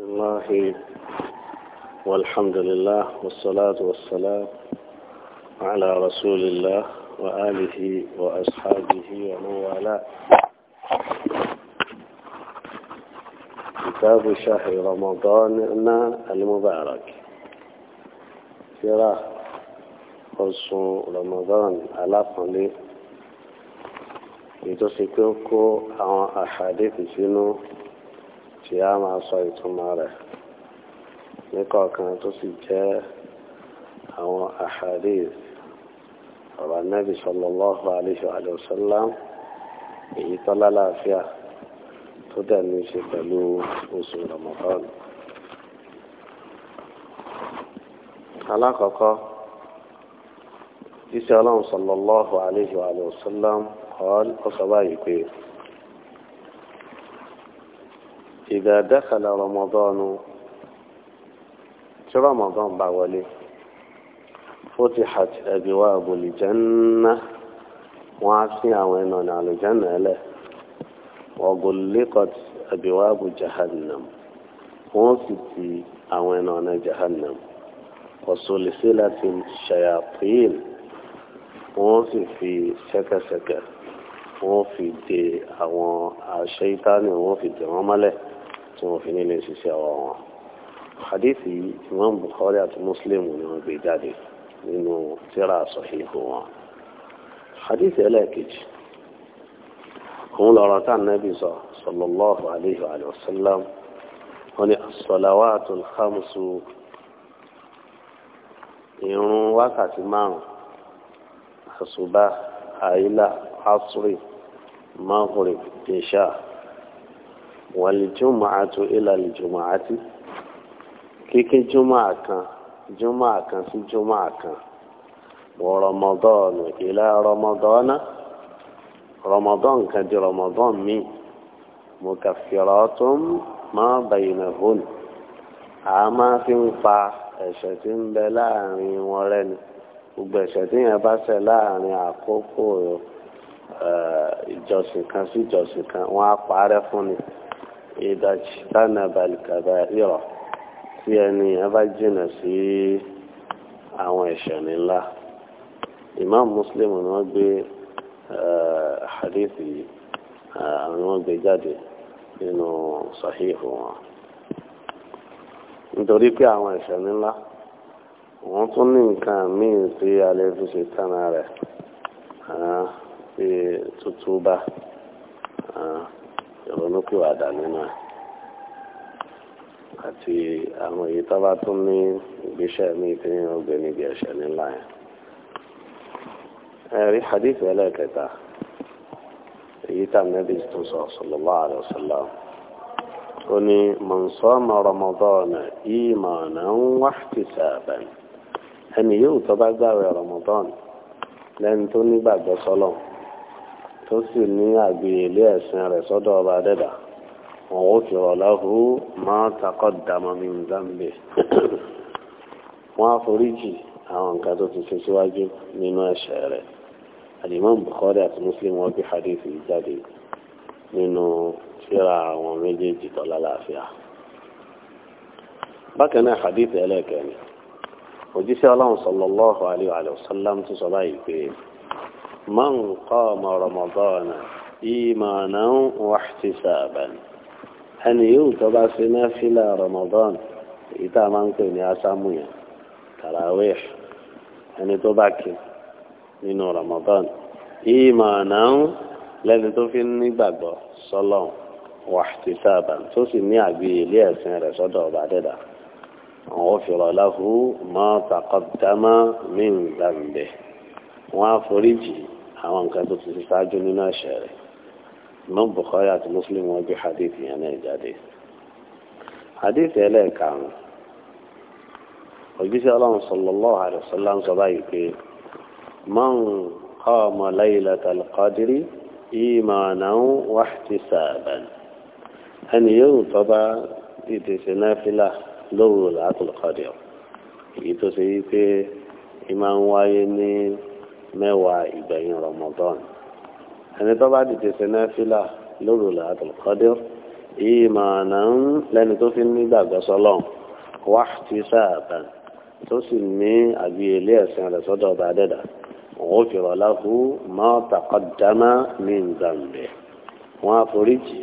بسم الله والحمد لله والصلاة والسلام على رسول الله وآله وأصحابه ومن والاه كتاب شهر رمضان المبارك قراءة قصو رمضان على قليل يتسكوكو عن أحاديث سنو tí a máa sọ ìtumọ̀ rẹ̀ níkọ̀ọ̀kan tó sì jẹ́ àwọn ahadith ọ̀rọ̀ anábì sallallahu alayhi wa sallam èyí tọ́lá láàfíà tó dẹ̀ ní ṣe pẹ̀lú oṣù Ramadan. alákọ̀ọ́kọ́ iṣẹ́ ọlọ́run sallallahu alayhi wa kọ́ ọ́ sọ báyìí pé ìdá dákàlà rọmọdọ́nù tí rọmọdọ́n bá wọlé futihat abwabu aljanna wọ́n á sí àwọn ẹnu ọ̀nà àlùjánà ẹlẹ̀ wa ghulliqat abwabu jahannam wọ́n sì ti àwọn ẹnu ọ̀nà jahannam wa sulsilat shayatin wọ́n sì fi ṣẹ́kẹ́ṣẹkẹ̀ wọ́n fi de àwọn àṣẹ ìtánì wọ́n fi dè wọ́n mọ́lẹ̀ tí wọ́n fi nílé ṣiṣẹ́ ọwọ́ wọn hadith yìí imam bukhari àti muslim ni wọ́n gbé jáde nínú tírà sahihu wọn hadith ẹlẹ́ẹ̀kejì òun lọ́rọ̀ tá nàbì sọ sallallahu alayhi wa sallam wọ́n ní as-salawatul khamsu ìrun wákàtí márùn àṣùbà àìlà asri maghrib isha. wàlìjùmọ̀àtò ìlàlìjùmọ̀àtì kíkí jùmọ̀à kan sí jùmọ̀à wọ rọmọdọ́ọ̀nù ìlà rọmọdọ́ọ̀nà rọmọdọ́ọ̀n kan di rọmọdọ́ọ̀n míì mùkàfìrọ́tún máa bàyìnà hónì a máa fi ń pa ẹ̀ṣẹ̀ tí ń bẹ láàrin wọn rẹ́ni gbogbo ẹ̀ṣẹ̀ tí yẹn bá láàrin àkókò ìjọsìn kan sí ìjọsìn kan á fún ni. ìdájì tánà balùkàbà ìrọ̀ tí ẹni abá jìnà si àwọn ẹ̀ṣẹ̀ imam muslim ni eh, hadithi eh, sahihu wọn pé àwọn ẹ̀ṣẹ̀ ńlá wọ́n tún ní nǹkan míì a lè fi tutuba. ìrònúkìwàdà nínú ẹ̀ àti àwọn èyí tó bá tún ní ìgbésẹ̀ míì tí yíyan gbé níbi ẹ̀ṣẹ̀ nílá yẹn. ẹ̀rí hadith ẹlẹ́kẹta èyí tá nẹ́bí tún sọ sallallahu alaihi wasallam ó ní man sama ramadana imanan wahtisaban ẹni yóò tó bá gbààwẹ̀ ramadan lẹ́ni tó nígbàgbọ́ tó sì ní àgbéyèlé ẹ̀sìn rẹ̀ sọ́dọ̀ ọba dẹ́dà wọn ó fi rọ̀ láhu máa takọ́ dàmọ́ mi zambi wọn àforíjì àwọn nǹkan tó ti ṣe síwájú nínú ẹ̀ṣẹ̀ rẹ̀ àdìmọ́ Bukhari àti Muslim wọn bí hadith yìí jáde nínú síra àwọn méjèèjì tọ́lá láàfíà bákan náà hadith ẹlẹ́kẹ̀ẹ́ni òjíṣẹ́ ọlọ́run sallallahu alaihi wa sallam tó sọ báyìí pé من قام رمضان إيمانا واحتسابا أن يوتبع سنافلة رمضان إذا ما نكون يسامي تراويح أن يتبعك من رمضان إيمانا لن تفني بابا صلاة واحتسابا تسمي أبي إلياس رسول بعد ذلك غفر له ما تقدم من ذنبه وفرجه àwọn nǹkan tó ti fi ṣáájú nínú àṣẹ rẹ̀ Imam Bukhari àti Muslim wọn gbé hadith yẹn náà jáde hadith ẹlẹ́ẹ̀karùn-ún òjíṣẹ́ ọlọ́run sallallahu alaihi wasallam ń sọ báyìí pé man qama laylatal qadri imanan wa ihtisaban ẹni yóò tọ́ bá dìde sí náfìlà lóru làákùlù èyí tó ṣe yí pé ìmọ̀ ń wáyé ní mẹ́wàá ìgbẹ̀yìn rọmọdán ẹni tó bá dìde sí náfìlà lóru làátùl kọ́dìr yìí màá nà ń lẹ́ni tó fi nígbàgbọ́ sọ́lọ́ wá ti sáàbà tó sì ní àgbéyẹlé ẹ̀sìn rẹ̀ sọ́dọ̀ ọba adẹ́dà òun fi rọ̀ láhu máa taqaddama min zambi wọn àforíjì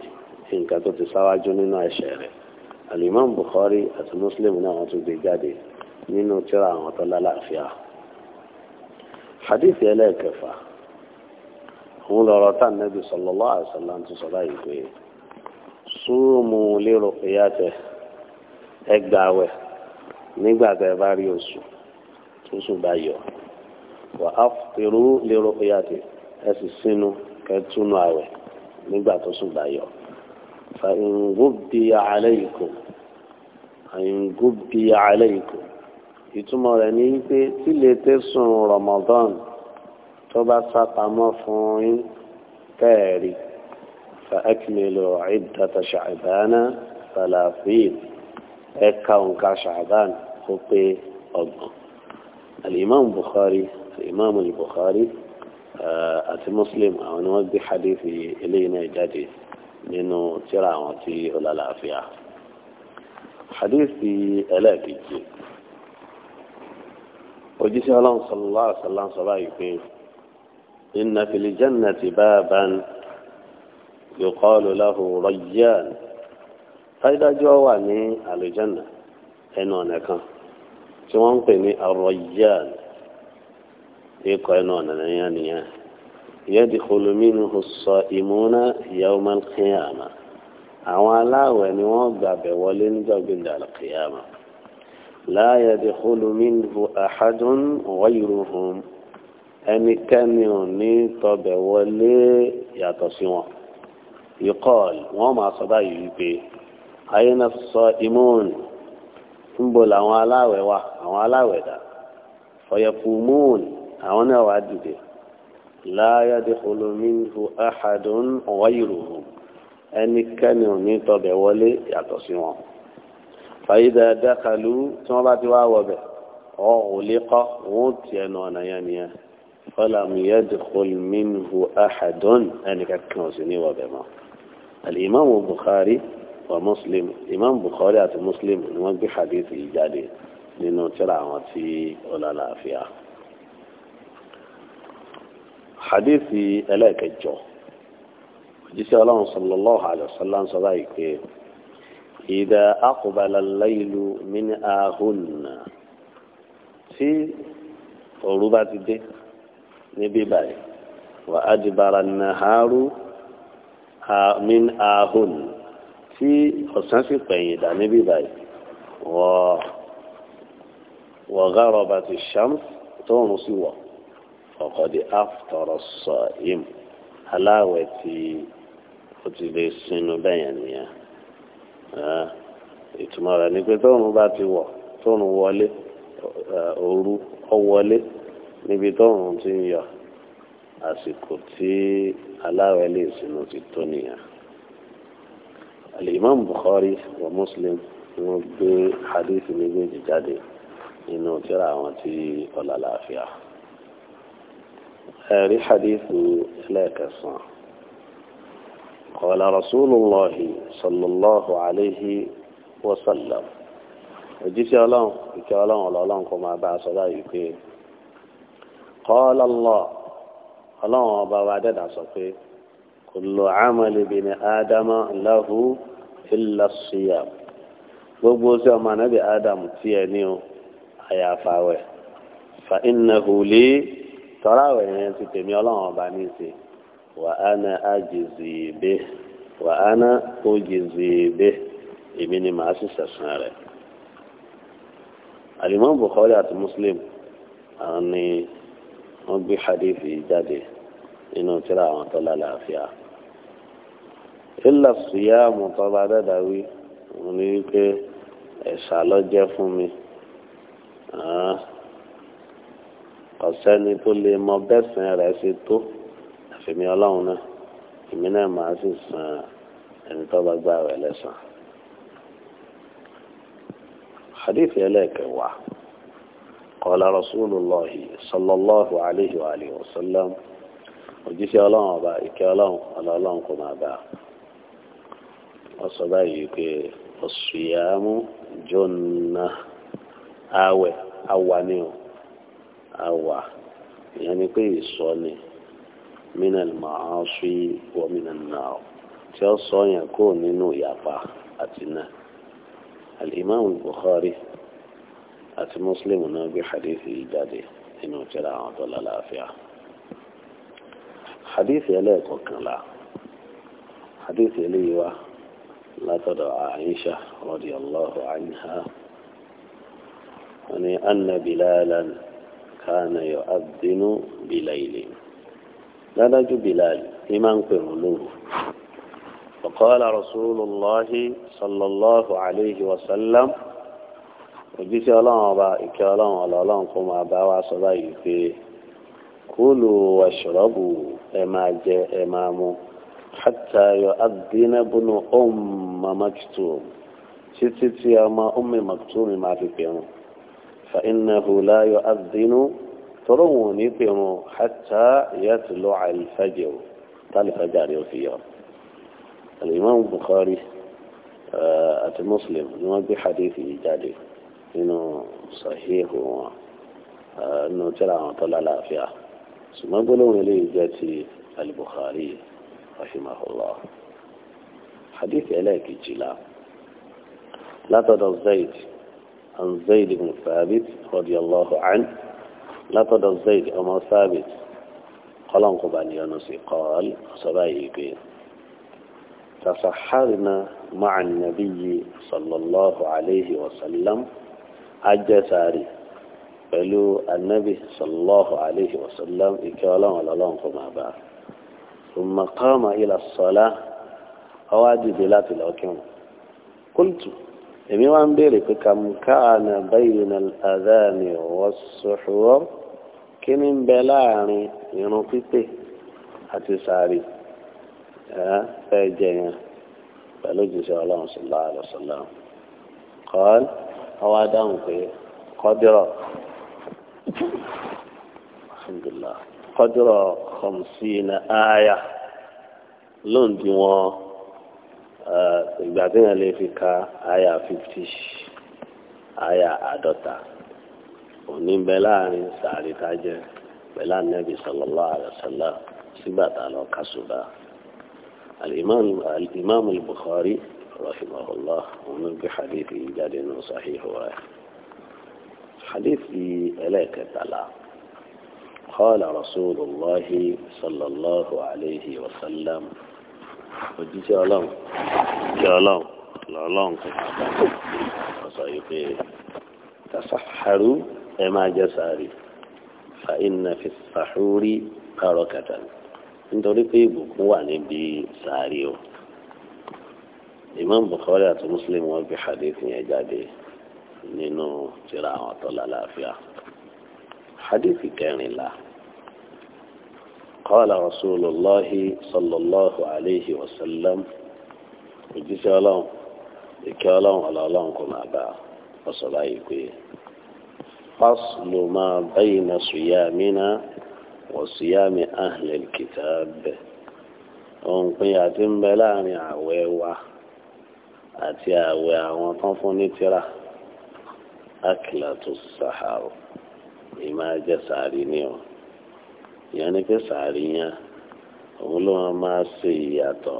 nǹkan tó ti sáwájú nínú ẹ̀ṣẹ̀ rẹ̀ alimami Bukhari àti Muslim náà wọn tún gbé jáde nínú tírà àwọn tó lálàáfíà. hadith ẹlẹ́ẹ̀kẹfà òun lọ́rọ̀ tá nẹ́bí sallallahu alaihi wasallam tó sọ báyìí pé súnmù lérò péyàtẹ ẹgbàáwẹ̀ nígbà tẹ bá rí oṣù tó sùn yọ wà á fèrú lérò péyàtẹ ẹ sì sínú kẹtùnú yọ ìtumọ̀ rẹ̀ ní pé tí lè tẹ̀sùn Ramadan tó bá sápamọ́ fún yín kẹ́ẹ̀rí fàákìmẹ́lò ìdàtà ṣàbánà fàlàfíìn ẹ̀ka òǹkà ṣàbán tó pé ọgbọ̀n alimam Bukhari alimam Bukhari eh, àti Muslim àwọn ni wọ́n gbé hadithi eléyìí náà jáde nínú tíra àwọn tí ó lálàáfíà hadithi ẹlẹ́ẹ̀kejì òjíṣẹ́ ọlọ́run sọlọ́lá àṣàlá ń sọ báyìí pé inna fil jannati baban yuqalu lahu rayyan fáyídájọ́ wà ní àlùjánà ẹnu ọ̀nà kan tí wọ́n ń pè ní ar-rayyan ikọ̀ ẹnu ọ̀nà nìyẹn nìyẹn yadkhulu minhu as-sa'imuna yawma al-qiyamah àwọn aláwẹ̀ ni wọ́n gbàbẹ̀ wọlé níjọ́ gbìndà al لا يدخل منه أحد غيرهم ẹnikẹ́ni ò ní tọbẹ̀ wọlé yàtọ̀ sí wọn ìkọl wọn máa sọ báyìí wípé ayéna sọ imúùn ń bò làwọn aláwẹ̀ wà àwọn aláwẹ̀ dà fọyẹ̀kù múùn àwọn náà wà dìde láyàdé olómìnirú ahadùn ọ̀wáyìrò ẹnikẹ́ni ò ní tọbẹ̀ wọlé yàtọ̀ sí wọn fàyídà dákàlú tí wọ́n bá ti wá wọ̀ bẹ̀ ọ̀ ò lè kọ́ wọ́n ti ẹnu ọ̀nà yẹn nìyẹn fọlámù yadkhul minhu ahadun ẹnìkan kan ò sì ní wọ̀ bẹ̀ mọ́ alimami bukhari wa muslim imam bukhari àti muslim ni wọ́n gbé hadith yìí jáde nínú tírà àwọn tí ó lálàáfíà hadith ẹlẹ́ẹ̀kẹjọ òjíṣẹ́ ọlọ́run sallallahu alaihi wasallam sọ báyìí pé ìdá akọ̀bàlàláìlú mini ahunna tí òru bá ti dé níbí báyìí wà á di bara nàhárù min ahun tí ọ̀sán sì pẹ̀yìn dà níbí báyìí wọ́n wọ́n gárọ̀ bá ti ṣàmù tóun sì wọ̀ ọ̀kọ̀dé aftọ̀rọ̀ sọ im aláwẹ̀ tí ó ti lè sinú bẹ́yẹn nìyẹn. Eh, ìtumọ̀ rẹ̀ ni pé tóun bá ti wọ̀ tóun wọlé eh, òru ọwọlé níbi tóun ti ń yọ àsìkò tí aláwẹ̀ lè sinú ti tó nìyẹn. الإمام بخاري ومسلم وفي حديث نبي جدادي إنه ترى وتي ولا لا فيها هذه حديث لا كسر قال رسول الله صلى الله عليه وسلم òjíṣẹ́ ọlọ́run ìkẹ́ ọlọ́run ọlọ́run kò máa bá a sọ báyìí pé qala Allah ọlọ́run ọba wa dẹ́dà sọ pé kullu amali bini ádámà lahu illa siyam gbogbo sí ọmọ anábì ádámù tí ẹ ní o àyàfà wẹ̀ fa innahu li tọ́ra wẹ̀ yẹn ti tèmi ọlọ́run ọba ní í ṣe wàhánà ájìzì bẹ wàhánà ójìzì bẹ èmi ni màá sì sẹ̀sán rẹ̀. alimọ́ bukhari àti muslim àwọn ni wọ́n gbé hadithi jáde nínú tíra àwọn tó lálàáfíà. ilà sùyà mọ̀tọ́ba dàdáwí òun ni wípé ẹ̀sà lọ jẹ́ fún mi ọ̀sẹ́ni tó lè mọ bẹ́sẹ̀ rẹ̀ ṣe tó èmi ọlọ́run náà èmi náà máa sì san ẹni tó bá gbà rẹ̀ lẹ́sàn. حديث إليك هو قال رسول الله صلى الله عليه وآله وسلم وجيس يا الله أبا إك يا الله على الله كما أبا وصبايك الصيام جنة آوة أوانيو أوا يعني كي صوني من المعاصي ومن النار تصون يكون منه يقع أتنا الإمام البخاري أت مسلم بحديث إيجاده إنه ترى عبد الله العافية حديث يليق وكلا حديث يليق لا تدع عائشة رضي الله عنها أن بلالا كان يؤذن بليل dájú bilal ní máa ń pè wọn lóru وقال رسول الله صلى الله عليه وسلم òjíṣẹ́ ọlọ́run ọba ìkẹ́ ọlọ́run ọlọ́run kó máa bá wa sọ báyìí pé kulu washrabu ẹ máa jẹ ẹ máa mu hatta yu'adhdhina ibnu ummi maktum títí tí ọmọ ummi maktum máa fi pè wọn fa innahu la yu'adhdhinu. تروني تيمو حتى يطلع الفجر طالع فجر يوسيا الإمام البخاري أت آه، مسلم نوع بحديثه جادي إنه صحيح آه، إنه ترى طلع لا فيها ثم يقولون لي جاتي البخاري رحمه الله حديث عليك جلا لا ترى زيد عن زيد بن ثابت رضي الله عنه látọ̀dọ̀ zayd ọmọ sábit kọ́lọ́nkọba ni ọ̀nà sí kọ́ọ̀lì ọ̀sọ́bà yìí pé tasaharna ma'a nabiyyi sallallahu alayhi wa sallam ajẹ́sàárì pẹ̀lú annabi sallallahu alayhi wa sallam ìkẹ́ ọlọ́run ọlọ́run kò máa bá a. ثم قام إلى الصلاة أواجد لا تلوكم قلت يمين وان بيلي فكم كان بين الأذان والسحور كنين بلاني ينطيته حتى ساري فأجينا فلجي سيد الله صلى الله عليه وسلم قال هو أدام في قدر الحمد لله قدر خمسين آية لون دي Uh, ìgbà tí yẹn lè fi ka àyà fifty àyà àádọ́ta òní bẹ láàrin sàárì tájẹ pẹ̀lú anabi sallallahu alaihi wasallam sígbà tá a lọ kásùbà alimami bukhari rahimahullah òun ló gbé hadithi jáde nù sahihu rẹ̀ hadithi ẹlẹ́kẹtàlá. قال رسول الله صلى الله عليه وسلم òjíṣẹ́ ọlọ́run òjíṣẹ́ ọlọ́run lọ́lọ́run wọ́n sọ yìí pé tasaharu ẹ máa jẹ sàárì fa inna fi sahuri kárọ̀kàtà nítorí pé ìbùkún wà níbi sàárì o imam bukhari àti muslim wọ́n fi hadith yẹn jáde nínú tírà àwọn tó lálàáfíà hadith kẹrìnlá. قال رسول الله صلى الله عليه وسلم òjíṣẹ́ ọlọ́run ìkẹ́ ọlọ́run ọ̀la ọlọ́run kò máa bá ọ sọ báyìí pé faslu ma bayna siyamina ìyẹn ni pé sàríyàn òun ló wọn máa ṣe ìyàtọ̀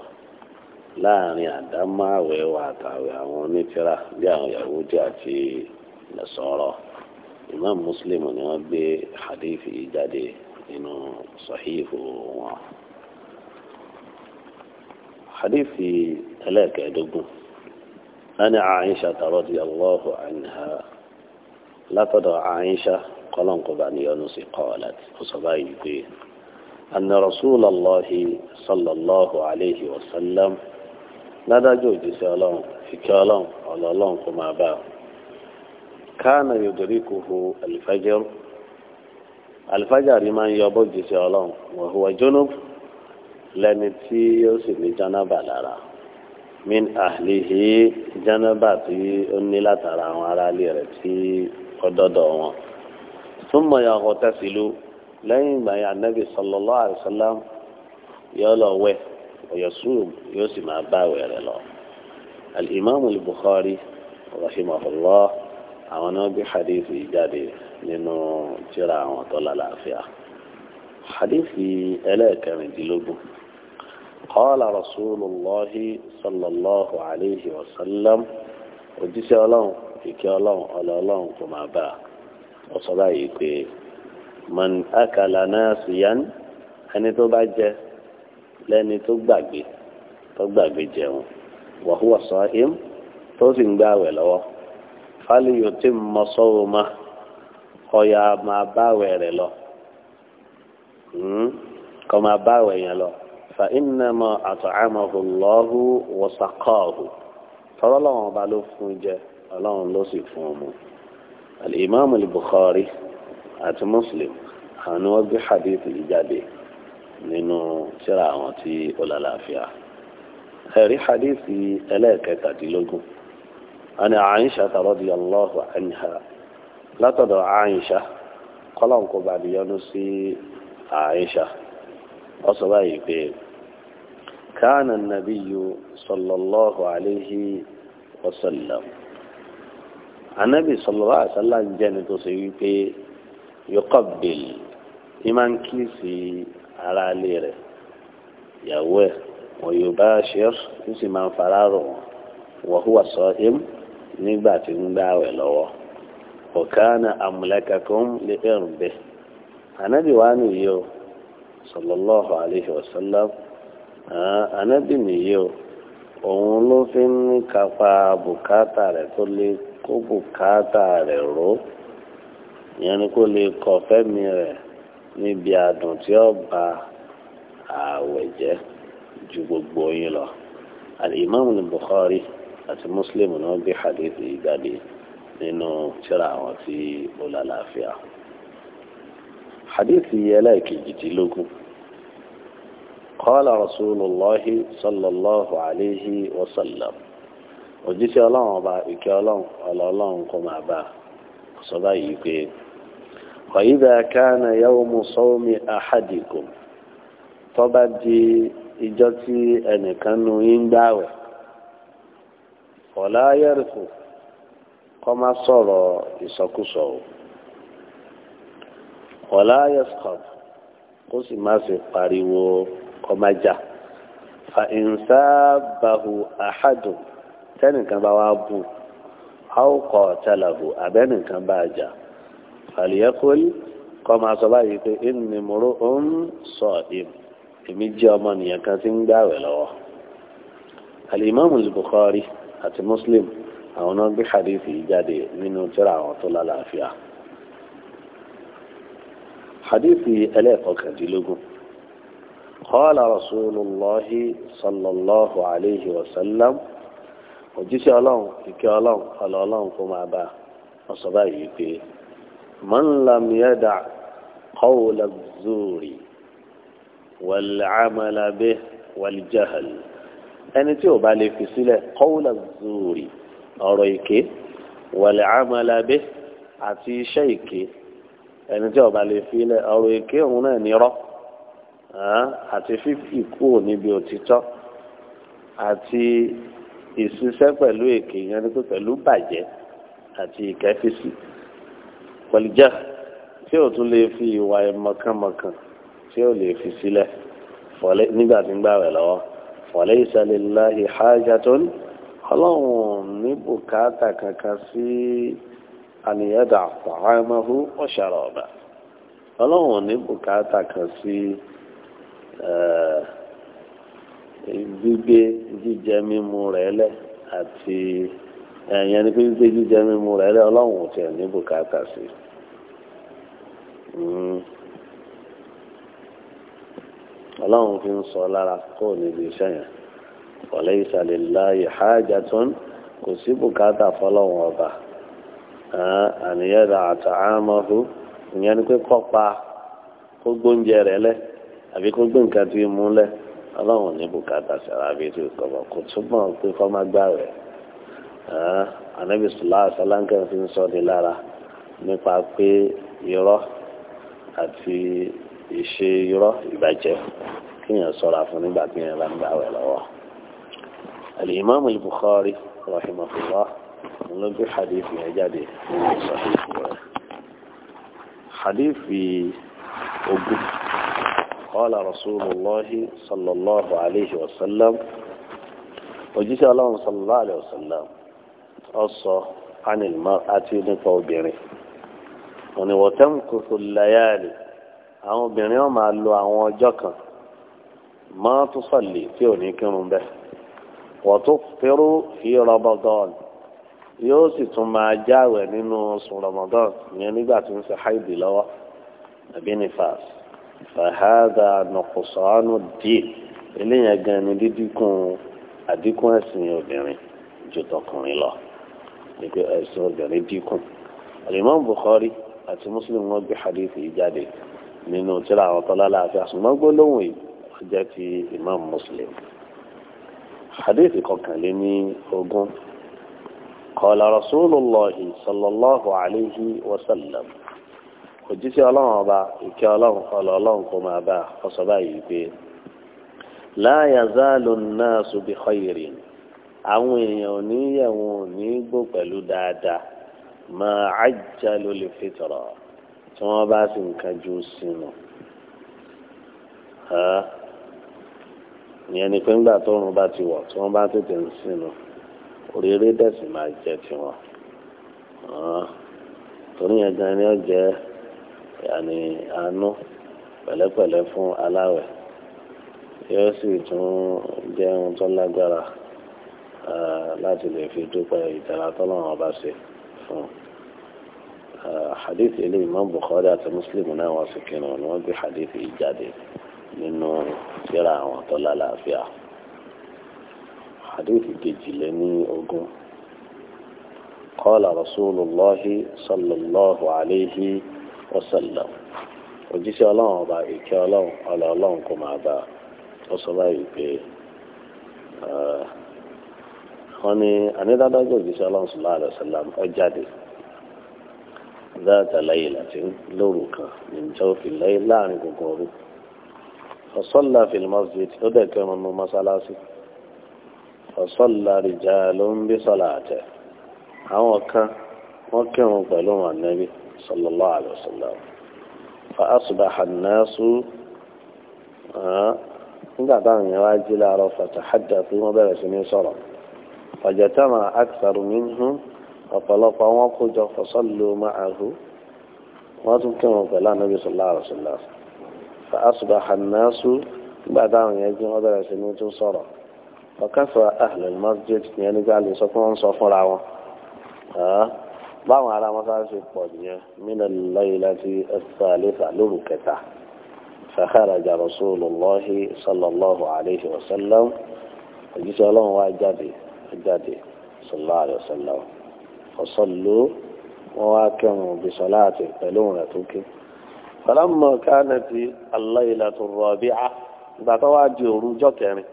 láàrin àdámọ́ àwẹ̀ wa àtàwẹ̀ àwọn onítìrà bí àwọn Yahudi àti Imam Muslim ni wọ́n gbé hadithi jáde nínú sahihu wọn. hadithi ẹlẹ́ẹ̀kẹ́ẹ́dógún ani Aisha radiyallahu anha látọ̀dọ̀ Aisha. kọ́lọ́n kó bá níyọnu sí kọ́ọ̀lá ó sọ báyìí pé anna rasulallahi sallallahu alayhi wa sallam ládájọ́ òjíṣẹ́ ọlọ́run ìkẹ́ ọlọ́run ọlọ́run kó máa bá a kana yudrikuhu alfajr alifajari máa ń yọ bójú sí ọlọ́run wàhùwà jónúb lẹni tí ó sì ní jánábà lára min àhìlìhì jánábà tí ó ní látara àwọn aráalé rẹ̀ tí ó dọ́dọ̀ wọn súnmọ́ yà ọkọ̀ tẹ̀sílú lẹ́yìn ìgbà yà nẹ́bí sallallahu alaihi wasallam yọ lọ wẹ̀ ọ̀yọ̀ sùúrù yóò sì máa bá wẹ̀ rẹ̀ lọ. alimami al-Bukhari rahimahullah àwọn náà gbé hadith yìí jáde nínú tírà àwọn tó lálàáfíà. hadith ẹlẹ́ẹ̀kẹrìndínlógún. قال رسول الله صلى الله عليه وسلم ودي سألهم في كلام على الله كما بقى wọ́n sọ báyìí pé man akala náà suyan ẹni tó bá jẹ lẹ́ni tó gbàgbé tó gbàgbé jẹun wa huwa sa'im tó sì ń gbààwẹ̀ lọ́wọ́ fáliyò tí mo sọ̀rọ̀ ma ọ̀yà máa báwẹ̀ rẹ̀ lọ hmm? kọ́ máa báwẹ̀ yẹn lọ fa innama at'amahu Allahu wa tọ́lọ́lọ́wọ́n ọba ló fún jẹ ọlọ́run ló sì fún ọmọ. الإمام البخاري àti Muslim àwọn ni wọ́n gbé hadith yìí jáde nínú tírà àwọn tí ó lálàáfíà ẹ̀rí hadith ẹlẹ́ẹ̀kẹtàdínlógún عن عائشة رضي الله عنها látọ̀dọ̀ Aisha kọ́lọ̀nkọ́ bá di yọnu sí Aisha ó sọ báyìí pé كان النبي صلى الله عليه وسلم anabi sọlọ́wọ́ àṣálà ń jẹ́ ni tó ṣe wípé yọkọ̀ bèlì ní máa ń kí sí ara ilé rẹ̀ ìyàwó ẹ̀ wọ́n yóò bá ṣe é ó sì máa ń fara rọ̀ wọ́n wọ́n hùwà sọ ẹ́m nígbà tí ń gbá àwẹ̀ lọ́wọ́ ọ̀kánà àmúlẹ́kàkùn lè ẹ̀rùn bẹ́ẹ̀ anabi wa nìyí o sọlọ́lọ́hù aleyhi wa sallam anabi nìyí o òun ló fi ń kápá bùkátà rẹ̀ tó lé kó bùkátà rẹ̀ ró ìyẹn ni kó lè kọ fẹ́mi rẹ̀ níbi àdùn tí ó ba ààwẹ̀ jẹ́ ju gbogbo yín lọ. al-Imam al-Bukhari àti Muslim náà gbé hadith yìí jáde nínú tírà àwọn tí ó lálàáfíà. hadith yìí ẹlẹ́ẹ̀kejìdínlógún. قال رسول الله صلى الله عليه وسلم òjíṣẹ́ ọlọ́run ọba ìkẹ́ ọlọ́run ọlọ́run kò máa bá a sọ báyìí pé ọ̀yídà káàna yawmu sawmi ahadikum tó bá di ìjọ tí ẹnìkan nu yín gbáwẹ̀ ọ̀la kọ́ máa sọ̀rọ̀ ìsọkúsọ o kó sì má ṣe pariwo kọ́ máa jà fa ìnsáàbàhù ahadùn tẹ́nìkan bá wá bù àwòkọ́ tẹ́lẹ̀bù àbẹ́nìkan bá jà fàlìyẹ́kọ́lì kọ́ máa sọ báyìí pé ẹnì mòró ó ń sọ ìmù èmi jẹ́ ọmọnìyàn kan tí ń gbààwẹ̀ lọ́wọ́ alimami Bukhari àti Muslim àwọn náà gbé hadithi yìí jáde nínú tírà àwọn tó lálàáfíà hadithi ẹlẹ́ẹ̀kọkàndínlógún qala rasulullahi sallallahu alayhi wa sallam òjíṣẹ́ ọlọ́run ìkẹ́ ọlọ́run ọ̀lọ́ ọlọ́run fún máa bá wọn sọ báyìí pé man lam yada qawla zuri wal amala bih wal jahl ẹni tí ò bá lè fi sílẹ̀ qawla zuri ọ̀rọ̀ èké wal àti iṣẹ́ èké ẹni tí ò bá lè fi sílẹ̀ ọ̀rọ̀ èké òun náà nírọ́ àti fífi kúrò níbi òtítọ́ àti ìṣiṣẹ́ pẹ̀lú èké yẹn ni pé pẹ̀lú bàjẹ́ àti ìkẹ́físì pẹ̀lú jẹ́ tí ò tún lè fi ìwà ẹ̀mọ̀kànmọ̀kàn tí ò lè fi sílẹ̀ fọ̀lẹ́ nígbà tí ń gbà rẹ̀ lọ́wọ́ fọ̀lẹ́ ìsàlẹ̀ láhi hajatun ọlọ́run ní bùkátà kankan sí àníyàdà àfàhámáhù ọ̀ṣàrọ̀ ọ̀bà ọlọ́run ní bùkátà kan sí ẹ̀ẹ́ gbígbé jíjẹ mímu rẹ̀ lẹ̀ àti ẹ̀yẹn ni pé gbígbé jíjẹ mímu rẹ̀ lẹ̀ ọlọ́run ò tiẹ̀ ní bùkátà sí hmm. ọlọ́run fi ń sọ lára kó níbi iṣẹ́ yẹn ọ̀lẹ́ ìsàlẹ̀ láàyè hájà tó ń kò sí bùkátà fọlọ́run ọba àníyàdà àtàámọ́hù ìyẹn ni pé kọ́pa kó gbóúnjẹ rẹ̀ lẹ̀ àbí kó gbé nǹkan tí mú lẹ̀ ọlọ́run ní bùkátà sara bíi tí ìkọ̀bọ̀ kò túbọ̀ pé kọ́ má gbà rẹ̀ anabi sùlá sálánkẹ́ fi ń sọ ní lára nípa pé irọ́ àti ìṣe irọ́ ìbàjẹ́ kíyàn sọ́ra fún nígbà tí yẹn bá ń gbà rẹ̀ lọ́wọ́. الإمام البخاري رحمه الله ló gbé hadith yẹn jáde nínú ìsọ̀rọ̀ ìfowópamọ́ hadith ogún. قال رسول الله صلى الله عليه وسلم وجيت الله صلى الله عليه وسلم أصى عن المرأة نفوبيني وني وتمكث الليالي àwọn obìnrin wọn máa lo àwọn ọjọ́ kan máa tún sọ̀lì tí ò ní kírun bẹ́ẹ̀ wọ́n tó fẹ́rù fi rọmọdán yóò sì tún máa jáwẹ̀ nínú oṣù rọmọdán ìyẹn nígbà tí ń ṣe háìdì lọ́wọ́ àbí nífàásì fàhádà nọ̀kọ̀sánù díè eléyàn gan ni dídínkùn àdínkù ẹ̀sìn obìnrin ju tọkùnrin lọ ní pé ẹ̀sìn obìnrin dínkù alimami Bukhari àti Muslim wọn gbé hadith yìí jáde nínú tíra àwọn tọ́lá láàfin àsùnmọ́ gbólóhùn yìí ó jẹ́ ti Imam Muslim hadith kọkànléní ogún kọlá rasulillah sallallahu alayhi wa sallam òjíṣẹ́ ọlọ́run ọba ìkẹ́ ọlọ́run ọlọ́ ọlọ́run kò máa bá ọ sọ báyìí pé la yazalu nnasu bi khairin àwọn èèyàn ò ní yẹ̀ wọn ò ní gbó pẹ̀lú dáadáa ma ajjalu li fitra tí wọ́n bá sì ń kájú sínú ìyẹn ni pé ńgbà tó rùn bá ti wọ̀ tí wọ́n bá tètè ń sínú òréré dẹ̀sì máa jẹ́ tiwọn torí yẹn gan ni ó jẹ́ yàní àánú pẹ̀lẹ́pẹ̀lẹ́ fún aláwẹ̀ yóò sì tún jẹ́ ohun tó lágbára láti lè fi dúpẹ́ ìtara tọ́lọ́run ọba ṣe fún hadith ilé Imam Bukhari àti Muslim náà wọ́n sì kinu ni wọ́n gbé hadith yìí jáde nínú síra àwọn tó lálàáfíà hadith kejìléní ogún qala Rasulullah sallallahu alayhi wasallam òjíṣẹ́ ọlọ́run ọba ìkẹ́ ọlọ́run ọlọ ọlọ́run kò máa bá ọ sọ báyìí pé wọ́n ní anídádájọ́ òjíṣẹ́ ọlọ́run sọlá àlọ́sàlám ọ jáde dáàtà lẹ́yìn láti lóru kan nìjọ́ fi lẹ́yìn láàrin gbogbo òru ọ̀sọ́lá fìlmọ́sìt ó dẹ̀ kẹ́ mọ́mọ́ mọ́sálásí ọ̀sọ́lá rìjà ló ń bí sọ́lá àtẹ àwọn kan wọ́n kírun pẹ̀lú wọn nẹ́bí. صلى الله عليه وسلم فأصبح الناس آه، يواجه يواجل عرفة حدث مبلغ سمي صلاة فجتمع أكثر منهم فطلق وقج فصلوا معه وأنتم كما قال النبي صلى الله عليه وسلم فأصبح الناس بعد أن يجي مدر سنين تنصر فكفى أهل المسجد يعني قال لي سكون صفر عوا báwọn ará mọ́sáàsì pọ̀ nìyẹn mílẹ̀ lọ́yìn láti ẹ̀sà àlefà lóru kẹta fàkàràjà rasulullahi sallallahu alayhi wa sallam òjíṣẹ́ ọlọ́run wá jáde jáde sallallahu alayhi wa sallam ọ̀sọ́lù wọn wá kẹrùn bí sọláàtì pẹ̀lú òun rẹ̀ tó ké. falamma kánàtì aláìlàtò rọ̀bíà ìgbà tó wá di òru jọ́kẹrin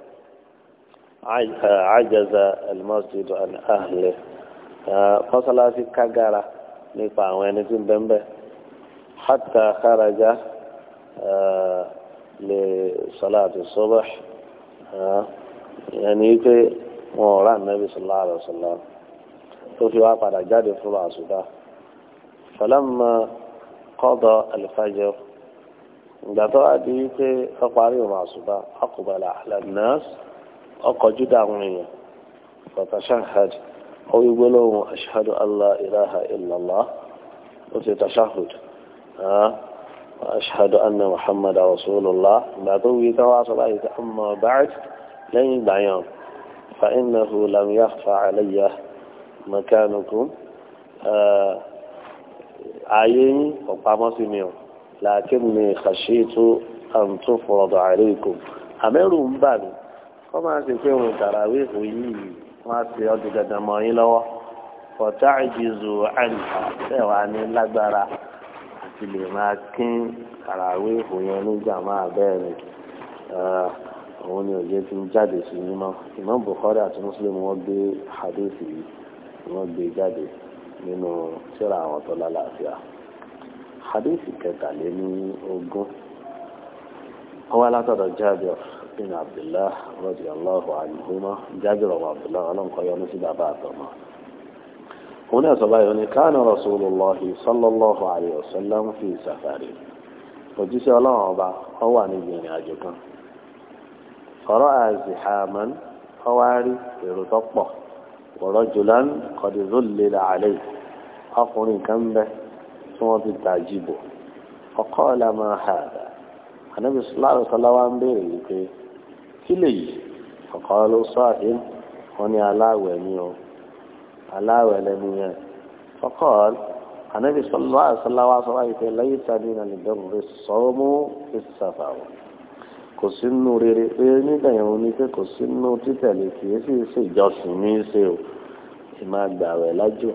àjẹsà almasjid an Eh, mọ́sálásí kagara nípa àwọn ẹni tí ń bẹ́ ń bẹ́ lè salatu subh eh, ẹni pé wọn ò rà nẹ́bí sallallahu alaihi tó fi wá padà jáde fún àṣùdá falamma qada al ìgbà tó di wípé ọparí òun ó wí gbólóhùn ashhadu an la ilaha illallah ó ti tashahud ashhadu anna muhammad rasulullah ìgbà tó wí káwá sọ láyé tí amma ba'd lẹ́yìn ìgbà yẹn فإنه لم يخفى علي مكانكم عين وقامتي ميو لكني خشيت أن تفرض عليكم أمر بني فما تكون تراويح يي wọ́n á ṣe ọdún dandan mọ́ yín lọ́wọ́ fọ̀tá ìjìzù àìníkà bẹ́ẹ̀ wá ní lágbára àti lè máa kín kàràwé ìfòyàn nígbà máa bẹ́ẹ̀ ni òun ni òye ti ń jáde sí mímọ́ Imam Bukhari àti Muslim wọ́n gbé hadith yìí wọ́n gbé jáde nínú tírà àwọn tó lálàáfíà hadith kẹtàléní ogún wọ́n wá látọ̀dọ̀ Jabir. بن عبد الله رضي الله عنهما جابر بن عبد الله عنهم قيام سيدنا بعضهما هنا صبايا كان رسول الله صلى الله عليه وسلم في سفر وجزء الله أبا هو عن الدين أجوكم فرأى زحاما أواري يرتطبه ورجلا قد ذلل عليه أقر كنبه ثم بالتعجيب فقال ما هذا النبي صلى الله عليه وسلم بيري kí lèyí ọ̀kan ló sọ àdéhùn wọn ní aláwẹ̀ ni o aláwẹ̀ lẹ́nu yẹn ọkàn ànábì sọlá àṣàláwà sọ wáyé pé lẹ́yìn tani náà lè dẹrù rẹ sọmú ìsàfà wọn kò sínú rere pé nígbà yẹn ni pé kò sínú títẹ̀lé kì í sì ṣe ìjọsìn ní í ṣe o ìmọ̀ àgbàwẹ̀ lájò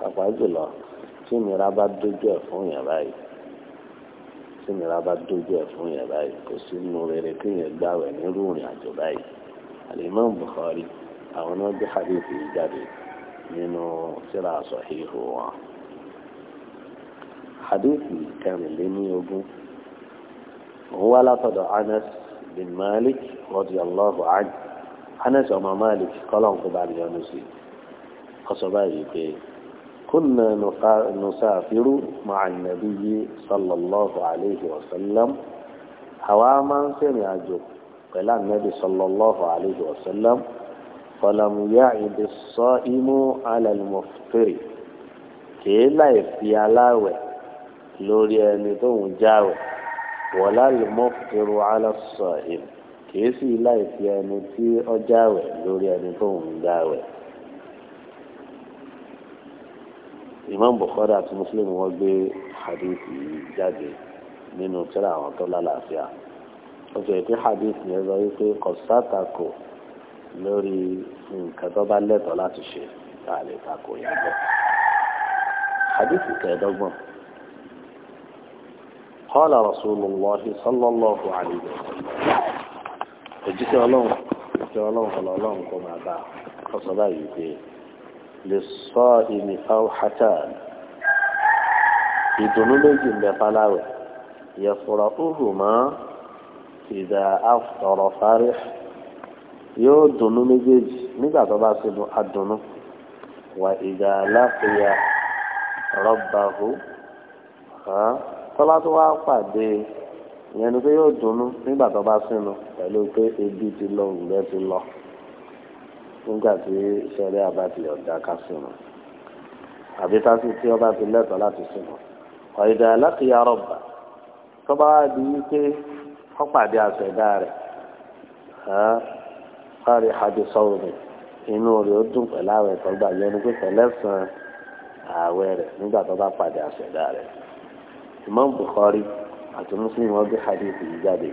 pàpà jùlọ tí ìnira bá dójú ẹ̀ fún yàrá yìí tí nira bá dójú ẹ̀ fún yẹn báyìí kò sí nínú rere kéèyàn gbàwẹ̀ nírú ìrìn àjò báyìí Al-Imam Bukhari àwọn náà gbé hadith yìí jáde nínú síra sahihu wọn hadith kẹrìnléní ogún òun wá látọ̀dọ̀ Anas bin Malik radiyallahu anhu Anas ọmọ Malik kọ́lọ̀ kó bá mi sí ọsọ báyìí pé. كنا نسافر مع النبي صلى الله عليه وسلم حواما سمعجو قال النبي صلى الله عليه وسلم فلم يعد الصائم على المفطر كي لا لوري ان تون جاوي ولا المفطر على الصائم كيسي لا يفيانتي او جاوي لوري ان جاوي imam bukhari àti muslim wọ́n gbé hadith yìí jáde nínú tírà àwọn tó lálàáfíà ó jẹ́ pé hadith yẹn sọ wípé kọ̀sátàkò lórí nǹkan tó bá lẹ́tọ̀ọ́ láti ṣe tá a lè takò yẹn lọ. hadith kẹẹ̀ẹ́dọ́gbọ̀n قال رسول الله صلى الله عليه وسلم òjíṣẹ́ ọlọ́run òjíṣẹ́ ọlọ́run ọlọ́run kọ́ máa bá a kọ́ báyìí pé. للصائم فرحتان ìdùnnú méjì ń bẹ faláwẹ̀ yẹfura uhuma ìdá afọrọ fárí yóò dùnnú méjèèjì nígbà tó bá ṣe dùn adùnnú wà ìdá láfíà rọbàhù tọ́lá tó wá pàdé ìyẹn ni pé yóò dùnnú nígbà tó bá sínú pẹ̀lú pé ebi ti lọ òwúrẹ́ ti lọ nígbà tí ìṣẹ̀lẹ̀ àbá ti ọ̀dà ká sínú àbí tásì tí ọba ti lẹ́tọ̀ọ́ láti sínú ọ̀ìdà lákìyà rọ̀bà tọ́ba wá di wípé ọ̀pàdé àṣẹ̀dá rẹ̀ fárí hajj sọ̀rọ̀ mi inú rẹ̀ ó dùn pẹ̀lú àwẹ̀ tọ́gbà yẹnu pé pẹ̀lẹ́sàn àwẹ̀ rẹ̀ nígbà tó bá pàdé àṣẹ̀dá rẹ̀ Imam Bukhari àti Muslim wọn gbé hadith yìí jáde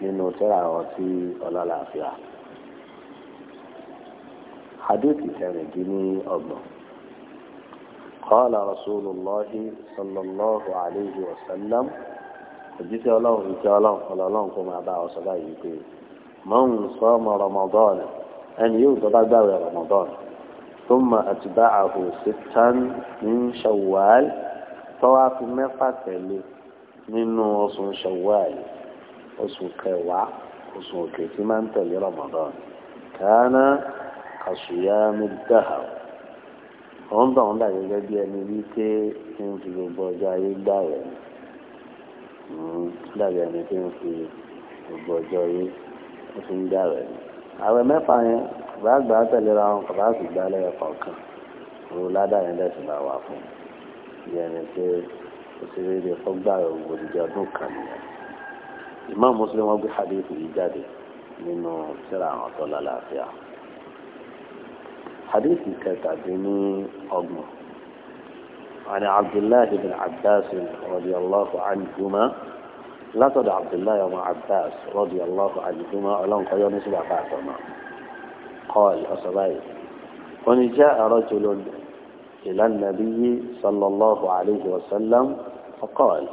nínú tẹ́lá àwọn tí ọlọ́lá àfihàn. حديث كان سنجني الله قال رسول الله صلى الله عليه وسلم حديث الله إن الله قال الله كما دعا وصلاة يقول من صام رمضان أن يوضع دعوة رمضان ثم أتبعه ستا من شوال طواف مفات لي من وصن شوال وصن كوا وصن كتمان تلي رمضان كان àṣìyámi dáhà wọ́n bá wọn dà gẹ́gẹ́ bí ẹni wípé ń fi gbogbo ọjọ́ ayé gbà rẹ̀ hmm, dàbí ẹni tí ń fi gbogbo ọjọ́ ayé ó fi ń gbà rẹ̀ ni. ààrẹ mẹ́fà yẹn bàbá àgbà tẹ̀léra wọn bàbá sì gbà lẹ́yìn kọ̀ọ̀kan òun ládàá yẹn dẹ̀ sì wà fún bí ẹni pé òṣèré ilé fọ́gbà rẹ̀ ògbòdìjà ọdún kan nìyẹn. ìmáà mùsùlùmí wọn gbé hadith yìí jáde nínú síra àwọn tó lálàáfíà. حديث كتابني أضمه عن عبد الله بن عباس رضي الله عنهما لا تدع عبد الله بن عباس رضي الله عنهما ألم قيام سبع فاتما قال أصبعي وإن جاء رجل إلى النبي صلى الله عليه وسلم فقال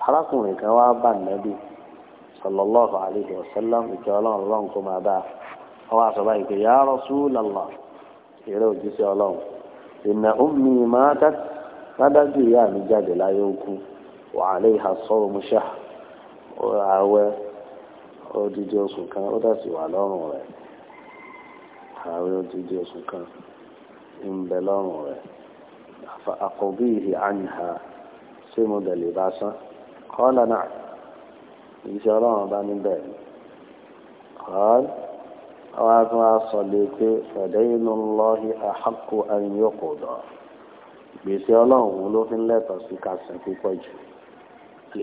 حرقوني كواب النبي صلى الله عليه وسلم إكرام الله كما باه هو أصبعي يا رسول الله eré òjíṣẹ́ ọlọ́run ìnà ummi matat ládájú ìyá mi jáde láyé òkú wa alayha o shahr ààwẹ̀ odidi oṣù kan ó dà wà lọ́rùn rẹ̀ ààwẹ̀ odidi oṣù kan ń lọ́rùn rẹ̀ àkọ́bíyì anha ṣé mo dẹ̀ bá san qala na'am ìṣẹ́ ọlọ́run bá níbẹ̀ ni. àwọn àtún àsọlẹ̀ pé fadainu Allahi ahaqqu an yuqda gbèsè ọlọ́run ló fi ń lẹ́tọ̀ọ́ sí kásán púpọ̀ jù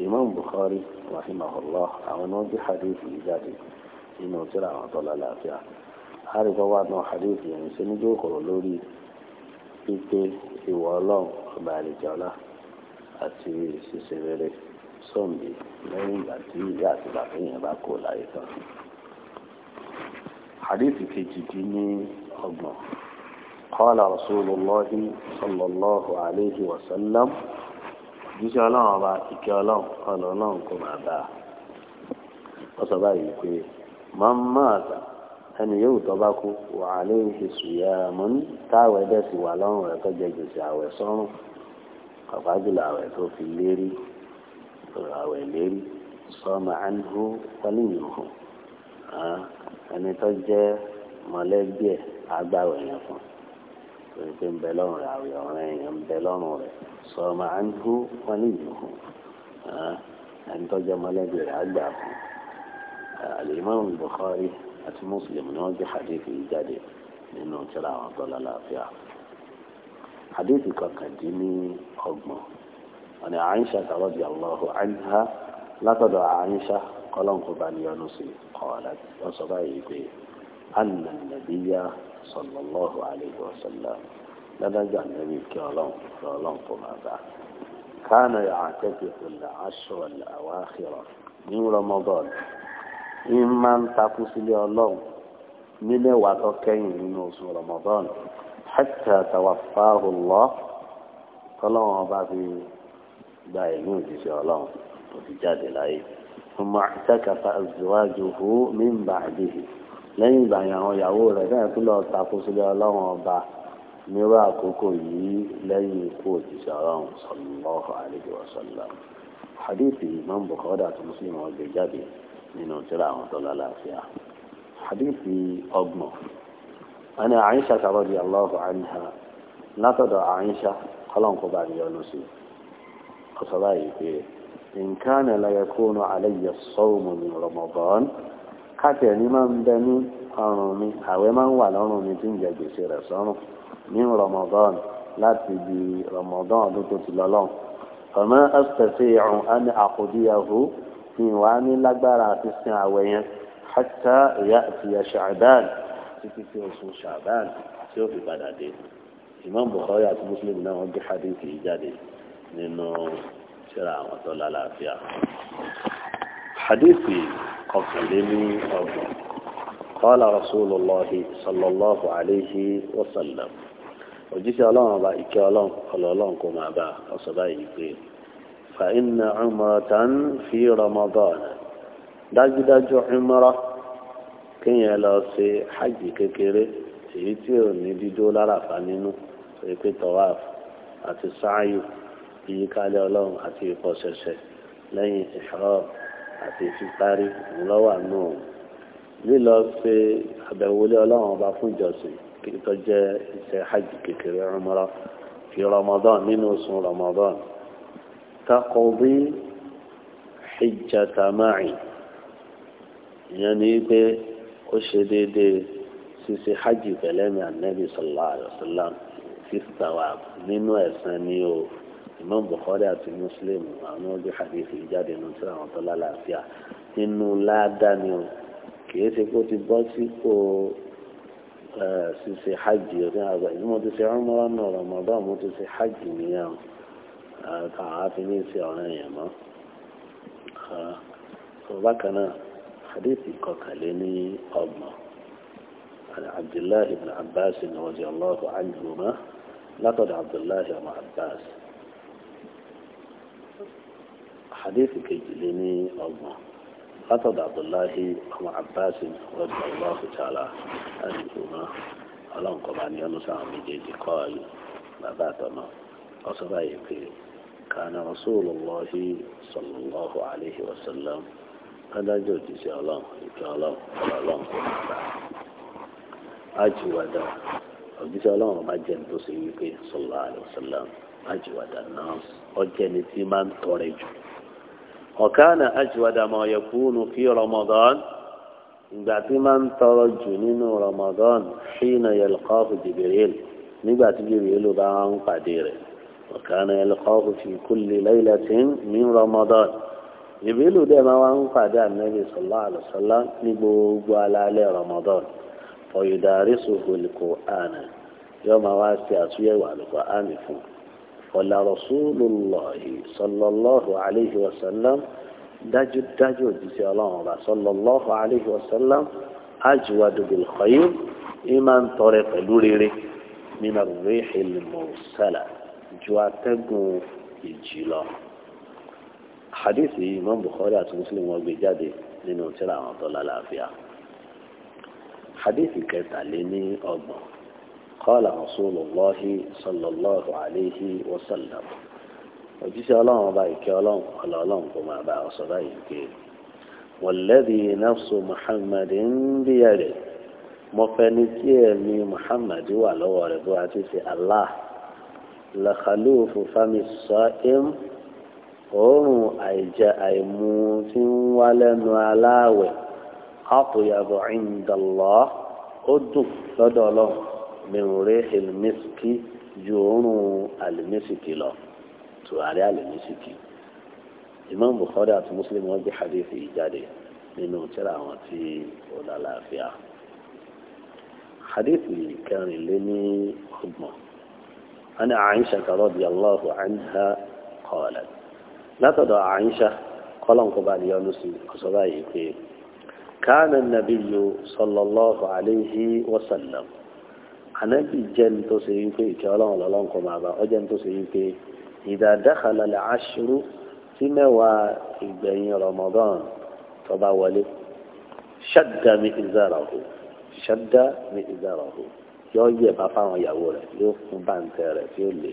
Imam Bukhari rahimahullah àwọn náà bí hadith yìí jáde nínú tíra àwọn tó lálàáfíà àríkọ́ wà náà hadith yìí ṣe ní jókòrò lórí pípé ìwọ ọlọ́run ọba àlejòọlá àti ṣíṣe rere sọ́ǹdì lẹ́yìn ìgbà tí ìyá àti bàbá yẹn bá kó láyé tán. حديث كجديني الله قال رسول الله صلى الله عليه وسلم jíṣẹ́ ọlọ́run ọba ìkẹ́ ọlọ́run ọlọ́ ọlọ́run kò máa bá a ó sọ báyìí pé máa ń máa tà ẹni yóò tọ́ bá kú wà á lè ṣe sùúyà mọ́ ní táwọn ẹ̀dẹ́ sì wà lọ́rùn rẹ̀ tó jẹ gbèsè àwẹ̀ sọ́rùn àpájùlọ àwẹ̀ tó fi lérí àwẹ̀ lérí sọ́mà ánìhó wọlé ìhùn ẹni tó jẹ́ mọ̀lẹ́bí ẹ̀ agbára èèyàn fún torí pé ń bẹ lọ́rùn rẹ̀ àwẹ̀ ọ̀rẹ́ èèyàn ń bẹ lọ́rùn rẹ̀ sọ̀rọ̀ máa ń hú wọn ní ìlú fún ẹni tó jẹ́ mọ̀lẹ́bí rẹ̀ agbára fún Al-Imam Bukhari àti Muslim ni wọ́n gbé hadith yìí jáde nínú tíra àwọn tó lálàáfíà hadith kankan dín ní ọgbọ̀n wọn ni Aisha radiyallahu anha látọ̀dọ̀ Aisha kọ́lọ́n kó bá níyanu sí kọ́ọ̀lá wọ́n sọ báyìí pé anna nàbíyá sallallahu alayhi wa sallam ládàjà nàbí kí ọlọ́n kí ọlọ́n kó máa bá kánà àtẹ́kẹ́ ìlà aṣọ àwọn àkìrọ̀ ní rọmọdọ́n ń máa ń takú sílé ọlọ́run nílẹ̀ wà tó kẹ́yìn nínú oṣù rọmọdọ́n hatta tawaffahu Allah kọ́lọ́n ọba fi gba ẹ̀mí òjíṣẹ́ ọlọ́run tó fi jáde láyé. ثم اعتكف أزواجه من بعده lẹ́yìn ìgbà yẹn àwọn ìyàwó rẹ̀ náà tún lọ tako sílẹ̀ ọlọ́run ọba nírú àkókò yìí lẹ́yìn ikú òjíṣẹ́ ọlọ́run sallallahu wa hadithi imam bukhari àti muslim wọn gbé jáde nínú tírà àwọn tó إن كان لا يكون علي الصوم من رمضان حتى لمن بني أرمي أو من ولرمي تنجد سير من رمضان لا تبي رمضان دكت لله فما أستطيع أن أقضيه في واني لقبارة السنة حتى يأتي شعبان في رسول شعبان tí ó fi padà dé Imam Bukhari àti Muslim náà wọn gbé hadith yìí jáde nínú síra àwọn tó lálàáfíà hadithi ọ̀kànléní ọgbọ̀n kọ́lá rasulullahi sallallahu alayhi wa sallam òjíṣẹ́ ọlọ́run ọba ìkẹ́ ọlọ́run ọlọ́run kò máa bá ọ̀sọ̀ báyìí pé fa inna umratan fi ramadan dájúdájú umra kéèyàn lọ ṣe hajj kékeré èyí tí ò ní dídó láràfà nínú pé tawaf àti sáàyù ìyíkálẹ̀ ọlọ́run àti ìfọ̀ṣẹ̀ṣẹ̀ lẹ́yìn ìṣòro àti ìfipárí ńlọ́wà náà lílọ ṣe àbẹ̀wọlé ọlọ́run ọba fún ìjọsìn kí tó jẹ́ iṣẹ́ hajj kékeré ọmọrọ fi ramadan nínú oṣù ramadan takọ̀bí hijjatamari ìyẹn ni pé ó ṣe déédéé ṣíṣe hajj pẹ̀lẹ́mì ànẹ́bí sallallahu alaihi wasallam fífitàwà nínú ẹ̀sán ni o imam bukhari àti muslim àwọn ọdún hadithi ìjáde nù tí àwọn tó lálàáfíà nínú ládàáni o kìí ṣe kó ti bọ́ sípò ṣíṣe hajj ní àgbà ìlú mo ti ṣe ọmọrán náà ramadan mo ti ṣe hajj nìyẹn kàn á fi ní ṣe ọ̀ràn yẹn mọ́ bákan náà hadithi kọkànlẹ́ ní ọgbọ̀n. عن عبد الله بن عباس رضي الله عنهما لقد عبد الله بن عباس حديث كجليني الله خطب عبد الله أم عباس رضي الله تعالى عنهما ألان قبعني ينسى مجيجي قال ما باتنا في كان رسول الله صلى الله عليه وسلم قد جوتي سي الله إكي الله قال الله أجود أجود الله ما جنتو سيوكي صلى الله عليه وسلم أجود الناس أجنتي من تورجو وكان أجود ما يكون في رمضان بعد من ترجنين رمضان حين يلقاه جبريل نبات جبريل بعن قدير وكان يلقاه في كل ليلة من رمضان جبريل ده ما وان قد النبي صلى الله عليه وسلم نبو على رمضان فيدارسه القرآن يوم واسع سوى القرآن فوق qala rasulullahi sallallahu alayhi wa sallam dájúdájú òjíṣẹ́ ọlọ́run ọba sallallahu alayhi wa sallam ajwadu bil khayr ìmá ń tọrẹ pẹ̀lú rere nínú rihil mursala ju atẹ́gùn ìjì lọ. hadith yìí imam bukhari àti muslim wọ́n gbé jáde nínú tírà àwọn tó lálàáfíà hadith kẹtàléní ọgbọ̀n. قال رسول الله صلى الله عليه وسلم òjíṣẹ́ ọlọ́run ọba ìkẹ́ ọlọ́run ọlọ́run kò máa bá ọ sọ báyìí pé wọ̀lẹ́bí nafsu muhammad ń bíyà rẹ̀ mo fẹ́ ní kí ẹ̀mí muhammad wà lọ́wọ́ rẹ̀ bó a ti ṣe allah làkàlùfù fami sọ́ọ́m òórùn àìjẹ àìmu tí ń wá lẹ́nu aláàwẹ̀ àpòyàbọ̀ ìndàlọ́ ó dùn lọ́dọ̀ ọlọ́run mẹ́wòrẹ́ ẹlẹ́mẹ́sìkì ju òórùn àlẹ́mẹ́sìkì lọ tùràrí àlẹ́mẹ́sìkì Imam Bukhari àti Muslim wọ́n gbé hadith yìí jáde nínú tírà àwọn tí ó lálàáfíà hadith yìí kẹrin lé ní ọgbọ̀n عن عائشة رضي الله عنها قالت لا تدع عائشة قلن قبال يونسي قصبائي كان النبي صلى الله عليه وسلم ànábì jẹ́ ní tó ṣe yí pé ìkẹ́ ọlọ́run lọ́lọ́run kọ́ máa bá ọ jẹ́ ní tó ṣe yí pé ìdàdàkàlà àṣírú tí mẹ́wàá ìgbẹ̀yìn Ramadan tó bá wọlé ṣàdá mi ìzára hù ṣàdá mi ìzára hù yóò yẹ̀bá fáwọn ìyàwó rẹ̀ yóò fún báńtẹ́ rẹ̀ tí ó lè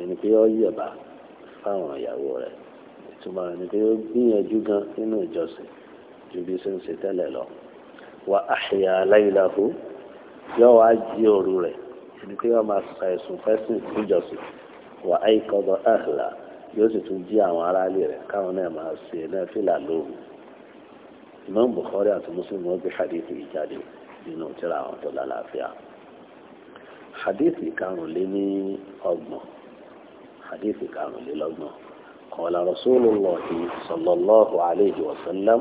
ẹni pé yóò yẹ̀bá fáwọn ìyàwó rẹ̀ ìtumọ̀ ẹni pé ó gbìyànjú gan nínú ìjọsìn ju bí ṣe ń ṣe tẹ́lẹ̀ lọ wà áṣìyà aláìláhù yóò wá jí òru rẹ̀ ẹni pé wọ́n máa sọ ẹ̀sùn fẹ́sìn níjọsìn wà á ìkọ́dọ̀ àhìlà yóò sì tún jí àwọn aráàlú rẹ̀ káwọn náà máa ṣe náà fìlà lóru Imam Bukhari àti Muslim wọ́n gbé hadith yìí jáde nínú tíra àwọn tó lálàáfíà hadith karùnléní ọgbọ̀n hadith karùnlélọ́gbọ̀n kọ̀ọ̀lá Rasulullah sallallahu alayhi wa sallam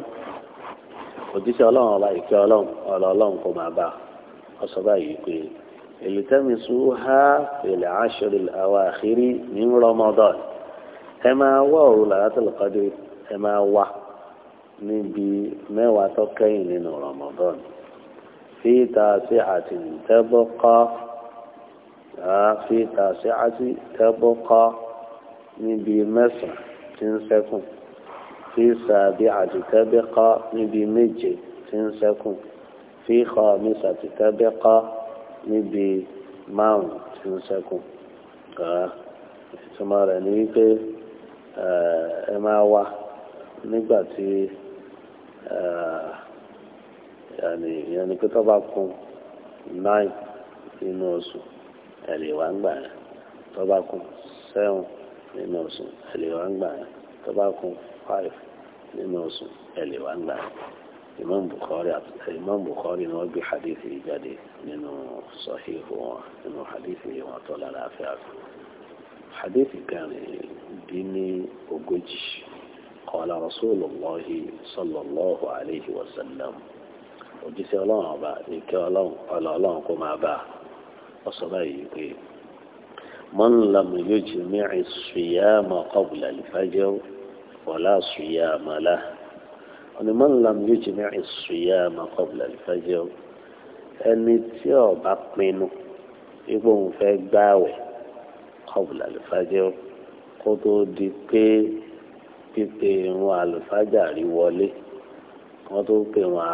òjíṣẹ́ ọlọ́run ọba ìkẹ́ ọlọ́run ọlọ́run kò máa bá a. وصبايك التمسوها في العشر الأواخر من رمضان كما هو ليلة القدر كما هو من ما وتكين رمضان في تاسعة تبقى آه، في تاسعة تبقى من مسع تنسكم في سابعة تبقى من مجي تنسكم fi khamisati tabaqa níbi márùn tí ń sẹ́kù ìtumọ̀ rẹ̀ ní wípé ẹ máa wá nígbà tí ìyẹn ni pé tó bá kún nine nínú oṣù ẹ lè wá ń gbà yẹn tó bá kún seven nínú oṣù ẹ lè wá ń gbà yẹn tó bá kún five nínú oṣù ẹ lè wá ń gbà imam bukhari àti eh, imam bukhari ni wọ́n gbé hadith yìí jáde nínú sahihu wọn nínú hadith yìí wọn tọ́lá láàfin àfin hadith kan dín ní ogójì qala rasulullahi sallallahu alayhi wa sallam òjíṣẹ́ ọlọ́run ọba ìkẹ́ ọlọ́run kó máa bá ọsọ báyìí pé man lam yujmi' siyama qabla al-fajr wala siyama lahu ọ̀nà mọ́n lam yóò jẹ́ ní ìṣòyà màkọ́bùlà ìfẹ́jẹ́ o ẹni tí ó bá pinnu ipò òun fẹ́ gbáwẹ̀ kọ́bùlà ìfẹ́jẹ́ o kó tó di pé pípe irun àlùfájà rí wọlé wọ́n tó pè wọ́n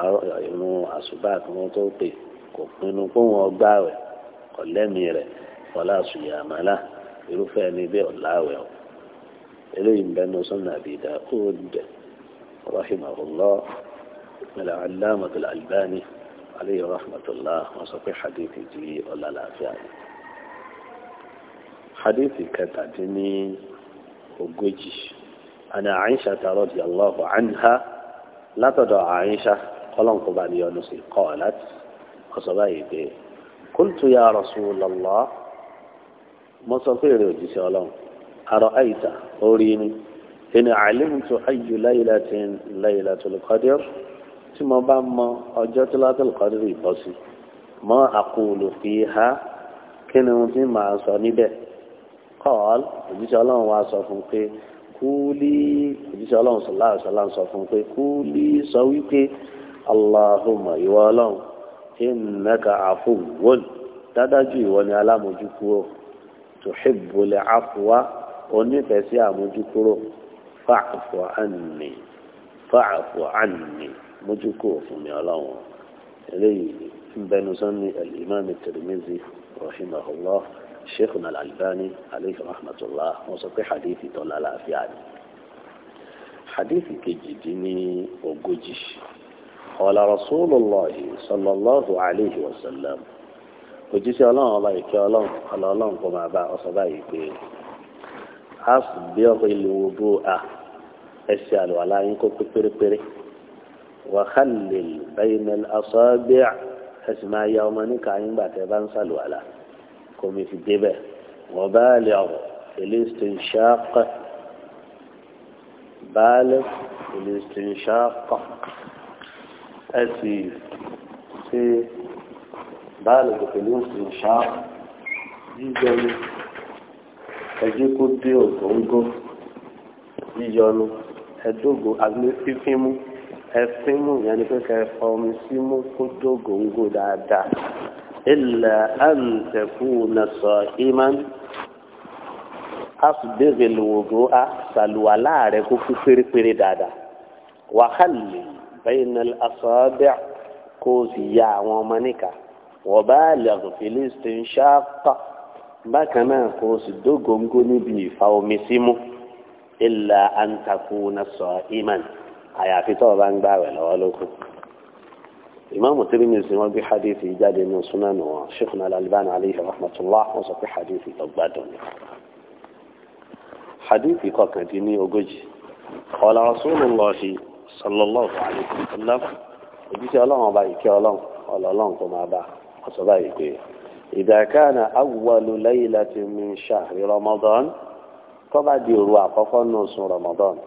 irun àṣùbà kí wọ́n tó pè kò pinnu kó wọ́n gbáwẹ̀ kò rẹ̀ fọlá àṣùyà àmàlà irúfẹ́ ẹni bẹ́ẹ̀ ọ̀làwẹ̀ o eléyìí ń bẹ́ẹ̀ ní sọ́nà àbí ìdá ó dẹ̀. رحمه الله العلامة الألباني عليه رحمة الله وصفي حديث جي ولا لا فعلي حديث كتعدني وقجي أنا عائشة رضي الله عنها لا تدع عائشة قلن قبالي ونسي قالت وصبايبي قلت يا رسول الله مصفير وجيسي ولون أرأيت أوريني إن علمت أي ليلة ليلة القدر ثم بما أجت ليلة القدر بسي ما أقول فيها كنت مع صنبه قال أجيش الله وعصفهم قي قولي أجيش الله صلى الله عليه وسلم صفهم قي قولي سويك اللهم يوالون إنك عفو تدجي ونعلم جكوه تحب العفو ونفسي عمجكوه fàáfù àní fàáfù àní mójú kò fún mi ọlọ́run eléyìí ń bẹnu sọ́ni alimami tirimizi rahimahullah sheikhuna al-albani alayhi rahmatullah wọ́n sọ pé hadithi tó lálàáfíà ni hadithi kejìdínní ogójì ọ̀la rasulillahi sallallahu alayhi wa sallam òjíṣẹ́ ọlọ́run ọba ìkẹ́ ọlọ́run ọlọ́run kò máa bá ọsọ báyìí pé asbigh al-wudu'a ẹsẹ̀ àlùwàlá yín kó pé pérépéré wa khallil bayna al-asabi' ẹsẹ̀ máa ya ọmọ níka yín gbà tẹ́ bá ń sàlùwàlá kò mi fi débẹ̀ wa baligh fil-istinshaq baligh fil-istinshaq ẹsẹ̀ ṣe baligh fil-istinshaq jíjẹun ẹjẹ́ kó dé ògóńgó yíyọnu ẹdógó àgbẹ̀ fífímú ẹfímú yẹn ni pé kẹfọ omi símú kó dógóńgó dáadáa ilẹ̀ àǹtẹ̀kù nàṣọ ìmán asùgbẹ́gbẹ̀ lòwòdó a sàlùwà láàrẹ kó kú pérépéré dáadáa wàhálì bẹ́ẹ̀nà asọ́ọ́bẹ̀ kó sì ya àwọn ọmọ níkà wọ́n bá lẹ́rù fìlísítì ń ṣáàpà bákan náà kò sì dógóńgó níbi ìfa omi símú ilà antakuna sọ iman àyàfi tó o bá ń gbà wẹ̀ lọ́wọ́ lóko. ìmáàmù Tirmidhi wọn bí hadithi jáde ní sunan wọn Sheikhuna Al-Albani alayhi rahmatullah wọn sọ pé hadithi tó gbádùn ni. hadithi kọkàndínní ogójì qala rasulullahi sallallahu alayhi wa sallam òjíṣẹ́ ọlọ́run ọba ìkẹ́ ọlọ́run ọlọ́run kò máa bá ọ̀sọ́ báyìí pé. إذا كان أول ليلة من شهر رمضان طبعا دي روا فقنص رمضان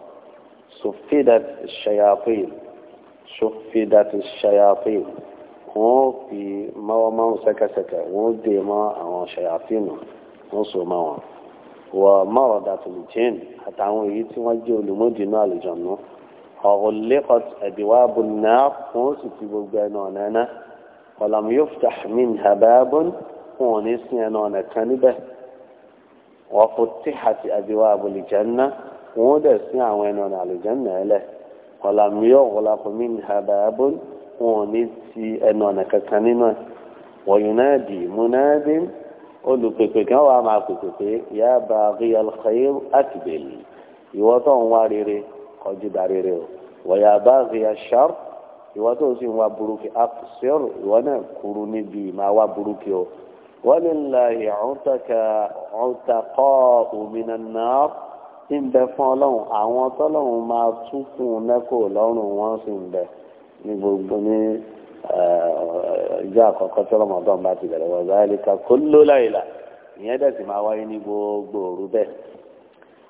سفدت الشياطين سفدت الشياطين هو في ما ما سكسك هو دي ما أو شياطين نصو ما ومرضت الجن حتى هو يتوجه لمدينة الجنة أغلقت أبواب النار هو ستبقى نونانا ọ̀làm yóò fi tàhmín hababun wọn ò ní sin ẹnu ọ̀nà kan níbẹ̀ wọ́n fò tí àti àdìwọ́ àbòlìjánná wọn ó dẹ̀ sin àwọn ẹnu ọ̀nà àlìjánná ẹlẹ̀ ọ̀làm yóò wọlákùnmín hababun wọn ò ní ti ẹnu ọ̀nà kankan nínú ẹ̀ wọ́n yóò náà dì múnádìn olùpèpè kan wà máa pèpè pé yá baghi al-khayr aqbil ìwọ tó ń wá rere kọjú da rere o wa yá baghi ash-sharr ìwọ tó ń sìn wá burúkú àpòsíọ̀rù ìwọ náà kúrú níbi máa wá burúkú o wọ́n lè la ìhùntàkọ́ òmìnira náà ti ń bẹ fún ọlọ́run àwọn tọ́lọ́run máa tún fún un lẹ́kọ̀ọ́ lọ́rùn wọn sì ń bẹ ní gbogbo ní eh, ìjọ àkọ́kọ́ tí ọlọ́mọdún bá ti bẹ̀rẹ̀ wọ́n záyé ká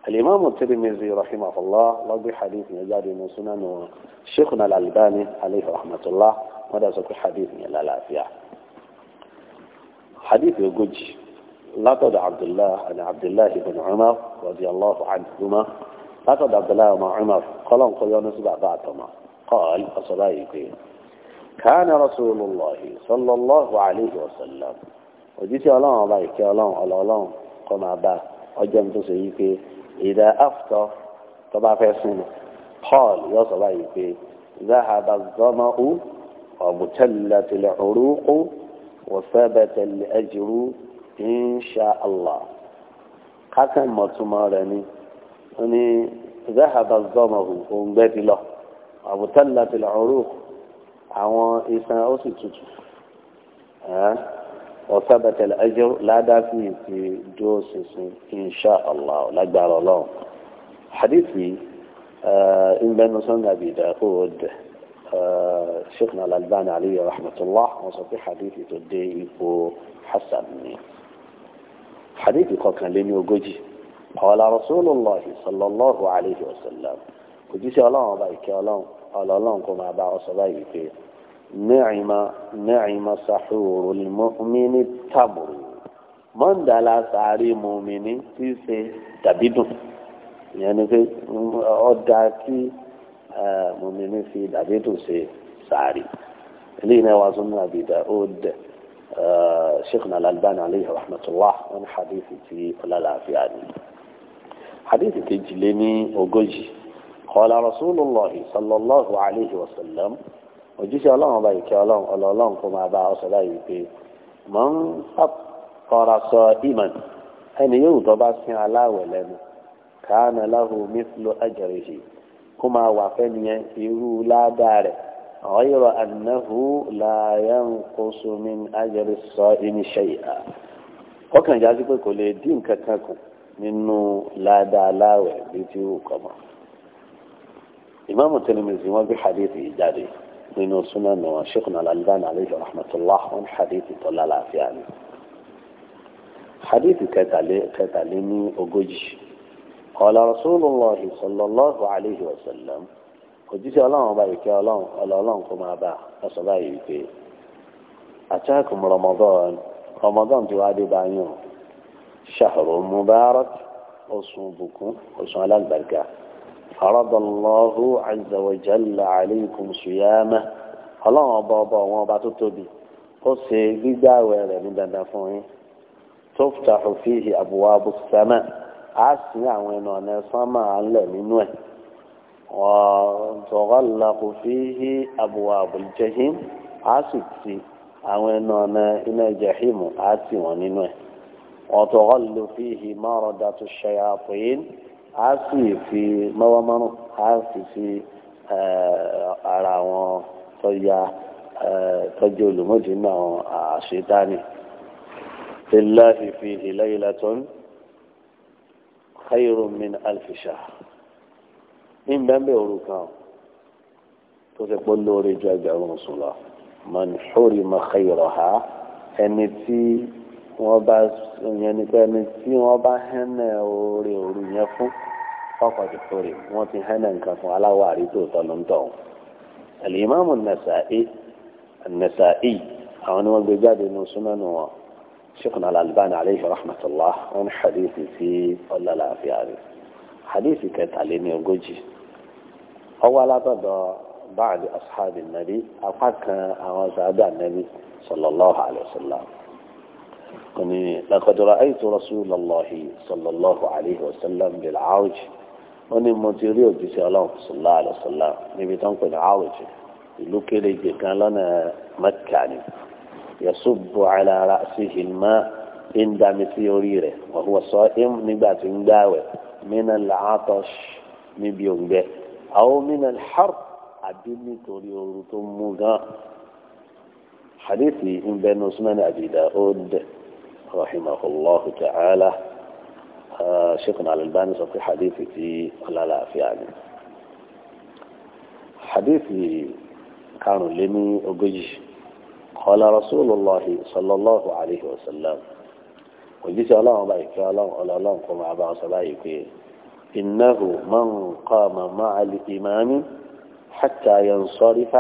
الإمام الترمذي رحمه الله لقي حديث يجاد من سنن شيخنا الألباني عليه رحمة الله ماذا سكو حديث من الألافية حديث يقول لقد عبد الله عن عبد الله بن عمر رضي الله عنهما لقد عبد الله بن عمر قال قل يا نسبع بعدما قال أصلايك كان رسول الله صلى الله عليه وسلم وجيت الله عليك الله الله الله قم عباه أجمع تسيكي ìdá aftọ tó bá fẹ́ sùn lọ paul yóò sọ báyìí pé zahaba zọmọ́ù ọ̀bùtẹ́lẹ̀tẹ̀lẹ̀ òrùkù wọ́sẹ̀bẹ̀tẹ̀lẹ̀ ẹ̀jìrú insha allah kákan mọ̀túmọ̀ rẹ̀ ni ó ní zahaba zọmọ́ù òǹgbẹ́ ti lọ ọ̀bùtẹ́lẹ̀tẹ̀lẹ̀ òrùkù àwọn iṣan ó sì tutù. وثبت الأجر لا دافي في دوس إن شاء الله لا قال الله حديثي آه إن بين سنة أبي داود آه شيخنا الألباني عليه رحمة الله وصفي حديثي تدي حسن حديثي قال كان لين وجوجي قال رسول الله صلى الله عليه وسلم قد الله وبارك الله قال الله كما بعث بيته نعم نعم سحور المؤمن التمر من دلا ساري مؤمن تيسي دبيدو يعني في أداكي مؤمن في دبيدو سي ساري لينا وازن أبي داود شيخنا الألبان عليه رحمة الله من حديثي في ولا لا في يعني حديثي تجلني أوجي قال رسول الله صلى الله عليه وسلم òjíṣẹ́ ọlọ́run ọba ìkẹ́ ọlọ́run ọlọ́ ọlọ́run kó máa bá ọsọ báyìí pé mọ̀ ń fọ́ra sọ ìmọ̀n ẹni yóò tó bá sin aláwẹ̀ lẹ́nu káàna láhu mithlu ajrihi kó máa wà fẹ́niyẹn irú ládàá rẹ̀ ghayra annahu la yanqusu min ajri as-sa'imi shay'a kọ́kàn já sí pé kò lè dín nǹkan kù nínú ládàá aláwẹ̀ bíi ti wù kọ́mọ. ìmáàmù nínú súnmọ́nù ṣẹ́kùnà alalibán aleyhi rahmatulah wọn hadithi tó lálàáfíà ni hadithi kẹtàlé ní ogójì ọ̀la rasulillahi sallallahu alayhi wa sallam òjíṣẹ́ ọlọ́run ọba ìkẹ́ ọlọ́run ọlọ́run kó máa bá a sọ báyìí wípé àtàkùn ramadan ramadan ti wá dé báyìí o ṣàhùrù mubarak oṣù bùkún oṣù alágbàgà. فرض الله عز وجل عليكم صيامه ọlọ́run ọba ọba ọ̀wọ́n ọba tó tóbi ó ṣe gbígbààwẹ̀ rẹ̀ ní dandan fún yín tuftahu fihi abwabu as-sama' á sí àwọn ẹnu ọ̀nà sánmà á ń lẹ̀ nínú ẹ̀ wa tughlaqu fihi abwabu al á sì ti àwọn ẹnu ọ̀nà iná jahim á sì wọ́n nínú ẹ̀ wa tughallu fihi maradatu ash-shayatin a sì fi mọ́wọ́ márùn a sì fi ara àwọn tọ́ya tọ́jú olùmọ̀dé náà àṣetáni ilá ìfi ìlẹ́yìnlá tó ń khayru min alfi shahr ní bẹ́ẹ̀ òru tó ti pọ́ lórí ju ẹgbẹ̀rún sùn lọ man hurima khayraha ẹni tí wọ́n bá yẹn ni pé ẹni tí wọ́n bá hẹ́nà oore òru yẹn fún ọkọ̀ ti fòrè wọ́n ti hẹ́nà nǹkan fún aláwọ̀ àrítò tọ́lọ́ntọ̀ alimami nasa'i nasa'i àwọn ni wọ́n gbé jáde ní súnmọ́nù wọn sheikhna al-albani aleyhi rahmatulah wọn hadithi sí ọlọ́láàfíà rẹ̀ hadithi kẹtàléní ogójì ọwọ́ alátọ̀dọ̀ báàdì ashabi nabi apá kan àwọn sàádà nabi sallallahu alayhi wa sallam. وني لقد رأيت رسول الله صلى الله عليه وسلم بالعوج وني مونتيريو جيسي صلى الله عليه وسلم نبي تنقل العوج لكي كان لنا مكة يصب على رأسه الماء إن دام سيوريره وهو صائم نبات داوي من العطش نبي به أو من الحرب عبدني توريو رتم حديثي إن بين عثمان أبي داود رحمه الله تعالى آه، شيخنا الألباني في حديثي في الألاف يعني حديثي كانوا لمي أبج قال رسول الله صلى الله عليه وسلم وجيت الله عليك الله على الله قم على صلايك إنه من قام مع الإمام حتى ينصرف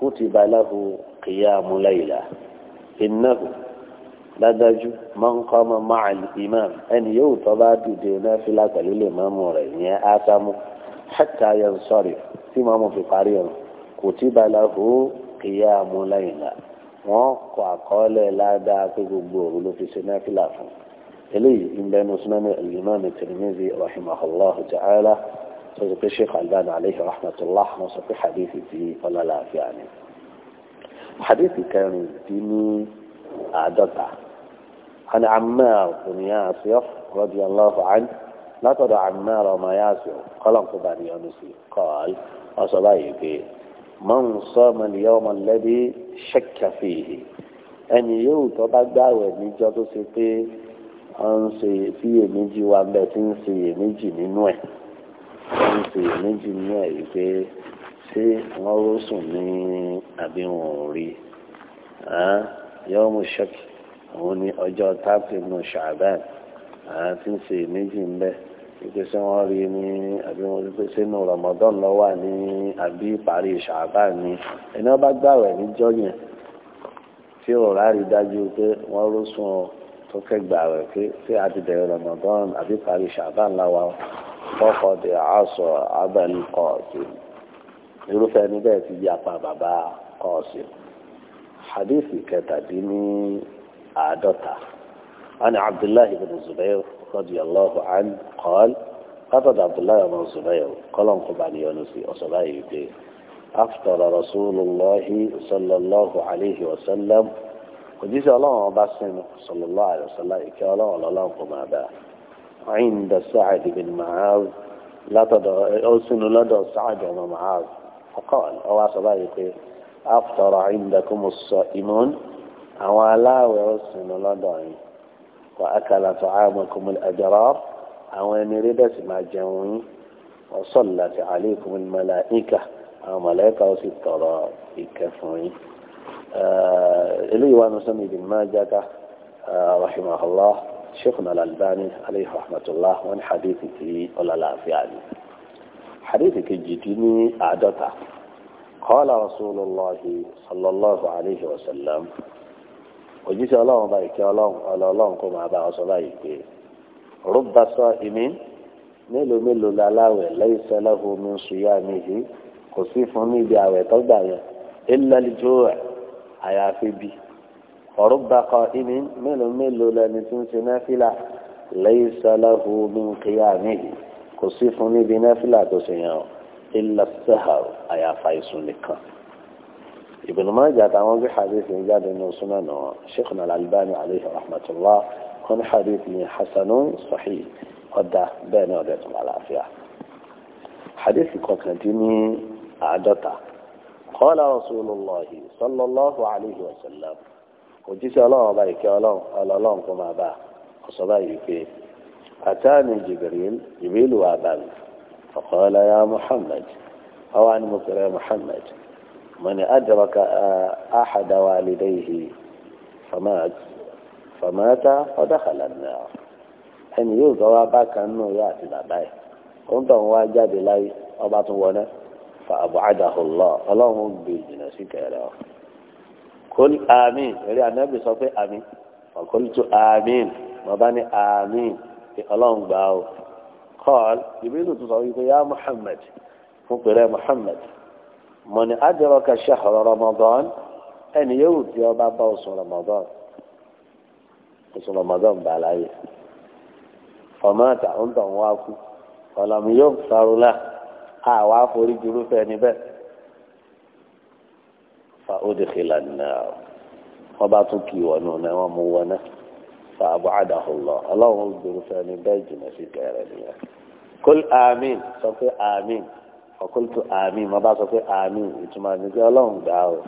كتب له قيام ليلة إنه لا من قام مع الإمام أن يوطب دينا في لا تليل إمام ورين آتم حتى ينصرف في إمام في قارين كتب له قيام لينا وقال لا دا كبور في سنة في لا فن إلي إن بين أسمان الإمام الترمذي رحمه الله تعالى صدق الشيخ علبان عليه رحمة الله نصف حديثي في فلا لا في يعني حديثي كان ديني أعددها عن عمار بن ياسر رضي الله عنه لا تدع عمار وما ياسر قال قبان يونسي قال أصبعيك من صام اليوم الذي شك فيه أن يوتو بدعوة نجاتو سيكي أن سيفي نجي وأنبتين سي نجي ننوي أن سي نجي ننوي ṣé wọ́n ró sùn ní àbí wọn ò rí òun ni ọjọ́ táàpì nù ṣàbẹ́ẹ̀ àwọn tí ń ṣe méjì ń bẹ wípé ṣé wọ́n rí ní àbí wọ́n rí pé sínú Ramadan ló wà ní àbí ìparí ṣàbẹ́ẹ̀ ni ẹni wọ́n bá gbàwẹ̀ níjọ́ yẹn tí ọ̀rá rí dájú pé wọ́n ló sùn ọ́ tó kẹgbà rẹ̀ pé tí a ti bẹ̀rẹ̀ Ramadan àbí parí ṣàbẹ́ẹ̀ ńlá fọ́kọ̀ dé àṣọ abẹ́lú kọ̀ọ̀tì irúfẹ́ níbẹ̀ ti yapa bàbá kọ̀ọ̀sì àádọ́ta عن عبد الله بن الزبير رضي الله عنه قال قصد عبد الله بن الزبير قال انقب عن يونسي وصلاه أفطر رسول الله صلى الله عليه وسلم قدس الله وباسم صلى الله عليه وسلم إكالا ولا لانقم أباه عند سعد بن معاذ لا تدع أوسن لدى سعد بن معاذ فقال أو صلاه أفطر عندكم الصائمون àwọn aláwẹ̀ ọ̀sìn lọ́dọ̀ yìí wà á kàlà tó àmọ́ kùmù àjọrọ̀ àwọn ẹni rí bẹ́ẹ̀ sì máa jẹun yín ọ̀sán láti àlẹ́ kùmù mọ́lá ìkà àwọn mọ̀lẹ́kà ó sì tọ̀rọ̀ ìkẹ́ fún yín. eléyìí wà ní sọ́mi ìdí máa jáka rahimahullah sheikhuna al-albani alayhi rahmatullah wọn hadithi ti ọlọ́láàfíà ni hadithi kejì dín ní àádọ́ta qala rasulillah sallallahu alayhi wa sallam òjíṣẹ́ ọlọ́run bá ìkẹ́ ọlọ́run ọlọ́run kó máa bá ọsọ báyìí pé rúbà sọ ìmí mélòó mélòó láláwẹ̀ lẹ́yìn sẹ́lẹ̀hùn mi ń sùn yá mi yìí kò sí fún níbi àwẹ̀ tó gbà yẹn ìlẹ́lẹ́jọ́ rẹ̀ àyàfi bí rúbà kọ ìmí mélòó mélòó lẹni tí ń ṣe náfìlà lẹ́yìn sẹ́lẹ̀hùn mi ń kíyà mi yìí kò sí fún níbi náfìlà tó ṣe yẹn o àyàfà ìsùn nìkan. Ibn Majah àtàwọn bí hadith ń jáde ní súnà náà Sheikhuna Al-Albani alayhi rahmatullah wọn hadith ní hasanun sahih ọ̀dà bẹ́ẹ̀ náà ọ̀dẹ̀ tó àlàáfíà hadith kọkàndínní àádọ́ta qala rasulullah sallallahu alayhi wa sallam òjíṣẹ́ ọlọ́run ọba ìkẹ́ ọlọ́run kó máa bá ọ̀sọ́ báyìí pé àtàní Jibril Jibril wà bá mi fa qala ya àni mo kẹrẹ Muhammad. من أدرك أحد والديه فمات فمات فدخل النار ẹni yóò sọ wá kan nù yá àti bàbá ẹ ó ń wá jáde láyé ọba tún wọná fa àbùádàhùlọ ọlọ́run gbé ìjìnà sí kẹrẹ ọ. kol amin eré anábì sọ pé amin ọkọlùtù amin mo bá amin pé ọlọ́run gbà ó ibi ìbílù tún sọ wípé yá muhammed fún pèrè muhammed mọ̀nì adraka shahra Ramadan ẹni yóò fi ọba bá oṣù Ramadan oṣù Ramadan bá láyé ọmọ àtà ń tàn wá kú ọ̀làmù yóò sarula àwa àforí jurúfẹ́ níbẹ̀ fa udkhila an-nar wọ́n bá tún kí wọnú náà wọ́n mú wọn náà fa ab'adahu Allah ọlọ́run jurúfẹ́ níbẹ̀ jìnnà sí kẹrẹ nìyẹn kul amin sọ pé amin ọ̀kúntù àmì mo bá sọ pé àmì ìtumọ̀ ní pé ọlọ́run gbà ó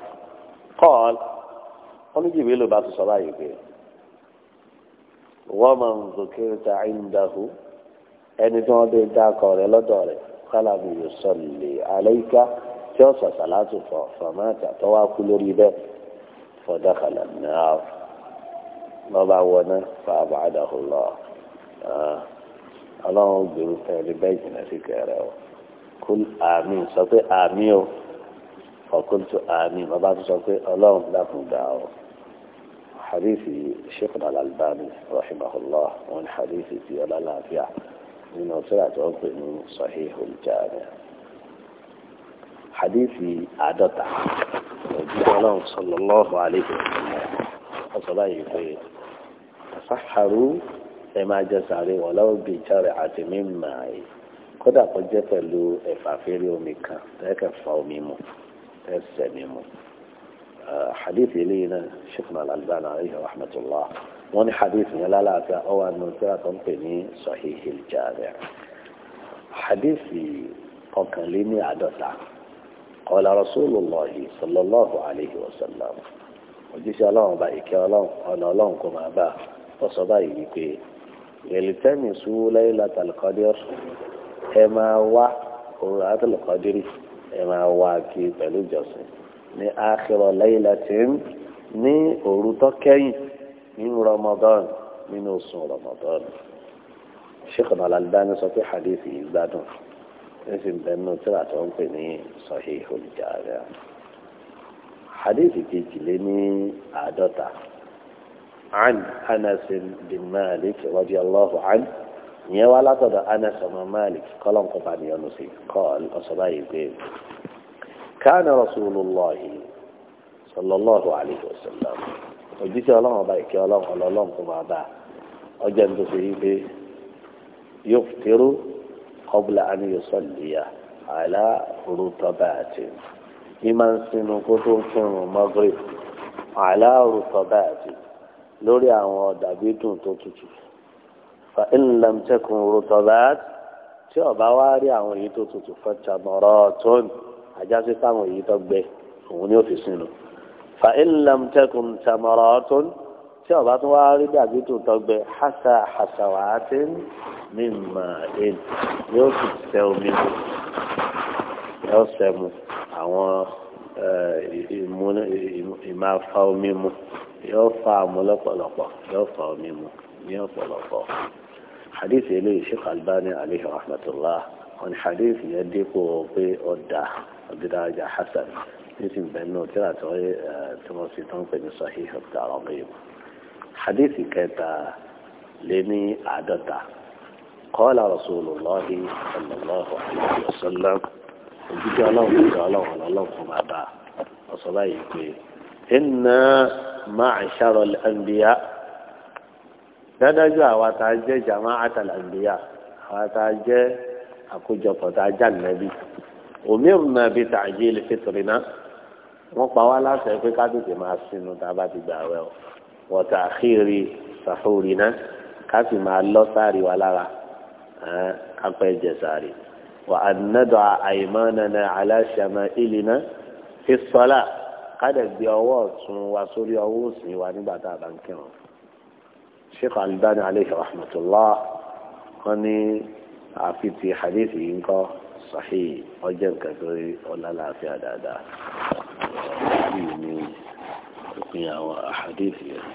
kọ́ọ̀l oníjìbí ló bá tún sọ báyìí pé wọ́n máa ń zòkèrè ta ìdáhù ẹni tí wọ́n dé dákọ rẹ̀ lọ́dọ̀ rẹ̀ kálábù yóò sọ lè àlẹ́yíká tí ó sọ̀sà láti fọ̀ fọ̀mátà tó wá kú lórí bẹ́ẹ̀ fọ̀dákàlà náà wọ́n bá wọná fàbà àdàhùn lọ ọlọ́run gbèrú fẹ́ẹ́ rí bẹ́ẹ̀ jìnnà sí kẹrẹ o kul àmín sọ pé àmín o ọkùntu àmín bàbá tó sọ pé ọlọ́run dákun dá o hadithi sheikh al-albani rahimahullah wọn hadithi ti ọlọ́láàfíà nínú ọ̀sẹ̀ àti wọn pè ní sahihul jami hadithi àádọ́ta òjì ọlọ́run sallallahu alayhi wa sallam ọ̀sọ̀ báyìí pé saharu ẹ máa jẹ sàárè wọ́n lọ́wọ́ bíi járe àti mímọ́ yìí kódà kó jẹ́ pẹ̀lú ẹ̀fà fẹ́rẹ́ omi kan tẹ́kẹ̀ fa omi mu tẹ́sẹ̀ mi mu hadith eléyìí náà Sheikhna Al-Albani alayhi rahmatullah wọ́n ní hadith yẹn lálàáfíà ọwọ́ àdùnnúfẹ́ àtọ́npẹ̀ ní Sahih al-Jami' hadith ọ̀kànléní àádọ́ta qala Rasulullah sallallahu alayhi wa sallam òjíṣẹ́ ọlọ́run bá ìkẹ́ ọ̀nà ọlọ́run kò máa bá ọ sọ báyìí wípé yẹlẹtẹ́mi sùúlẹ́yìn látàlùkọ́dẹ́rù ẹ máa wá òru àtọlùkọdírì ẹ máa wá kí pẹ̀lú ìjọsìn ní àkìrọ̀ lẹ́yìn láti ń ní òru tó kẹ́yìn nínú Ramadan nínú oṣù Ramadan Sheikh Al-Albani sọ pé hadithi ìgbádùn ẹsìn bẹnu tíra tó ń pè ní Sahihul Jami'a hadithi kejì lé ní àádọ́ta an Anas bin Malik radiyallahu anhu. ìyẹn wá da anas ọmọ malik kọ́lọ́n kó bá nìyẹn lọ sí kọ́ọ̀l ọ̀sọ̀ báyìí pé káàní sallallahu alayhi wasallam sallam òjíṣẹ́ ọlọ́run ọba ìkẹ́ ọlọ́run ọlọ́run kó máa bá ọjọ́ ní tó ṣe yí pé yuftiru qabla an yusalliya ala rutabatin ìmàn sínú kó tó kírun maghrib ala rutabatin lórí àwọn dàbí dùn to tutù. fa ilam tẹkùn rotovat tí ọba wá rí àwọn èyí tó tutù fọtàmọrọ tón àjásí fáwọn èyí tó gbẹ òun ni ó fi sínú fa ilam tẹkùn tamọrọ tón tí ọba tó wá rí dàbí tó tọ gbẹ hasa hasawaati mímà ẹn yóò sì tẹ omi mu yóò sẹmu àwọn eh, ìmáfa omi mu yóò fa àmú lọ́pọ̀lọpọ̀ yóò fa omi mu ní ọ̀pọ̀lọpọ̀ hadith eléyìí Sheikh Albani alayhi rahmatullah wọn hadith yẹn dípò pé ọ̀dà ọ̀dídájà hasan nítorí bẹ́ẹ̀ náà tíra tí wọ́n tí wọ́n sì tán pè ní sahih at-Targhib hadith kẹta lé ní àádọ́ta qala Rasulullah sallallahu alayhi wa sallam òjijì ọlọ́run ìjọ ọlọ́run ọlọ́run máa bá ọ̀sọ́ báyìí inna ma'shara al-anbiya dádájú àwa tá a jẹ́ jàmá àtàlàgbéyà àwa tá a jẹ́ àkójọpọ̀ tá a já nàbí omi ìrùnà bíi tààjé lè fi torí náà wọ́n pa wá láṣẹ pé ká tètè máa sinú tá a bá ti gbà wẹ̀ ọ́ wọ́tà àkírí sàfóòrì náà ká sì máa lọ́ sáàrì wa lára ká pẹ́ jẹ sáàrì wà á nẹ́dọ̀ nana aláṣàmọ́ ìlì náà fi sọ́lá ká dẹ̀ gbé ọwọ́ ọ̀tún wa sórí ọwọ́ òsì wa nígbà tá a bá ń kírun sheikh albani aleyhi rahmatulah wọn ní àfi ti hadith yìí ń kọ́ sahih ọjọ́ nǹkan tó rí ọlálàáfíà dáadáa yìí ni òpin àwọn hadith yẹn.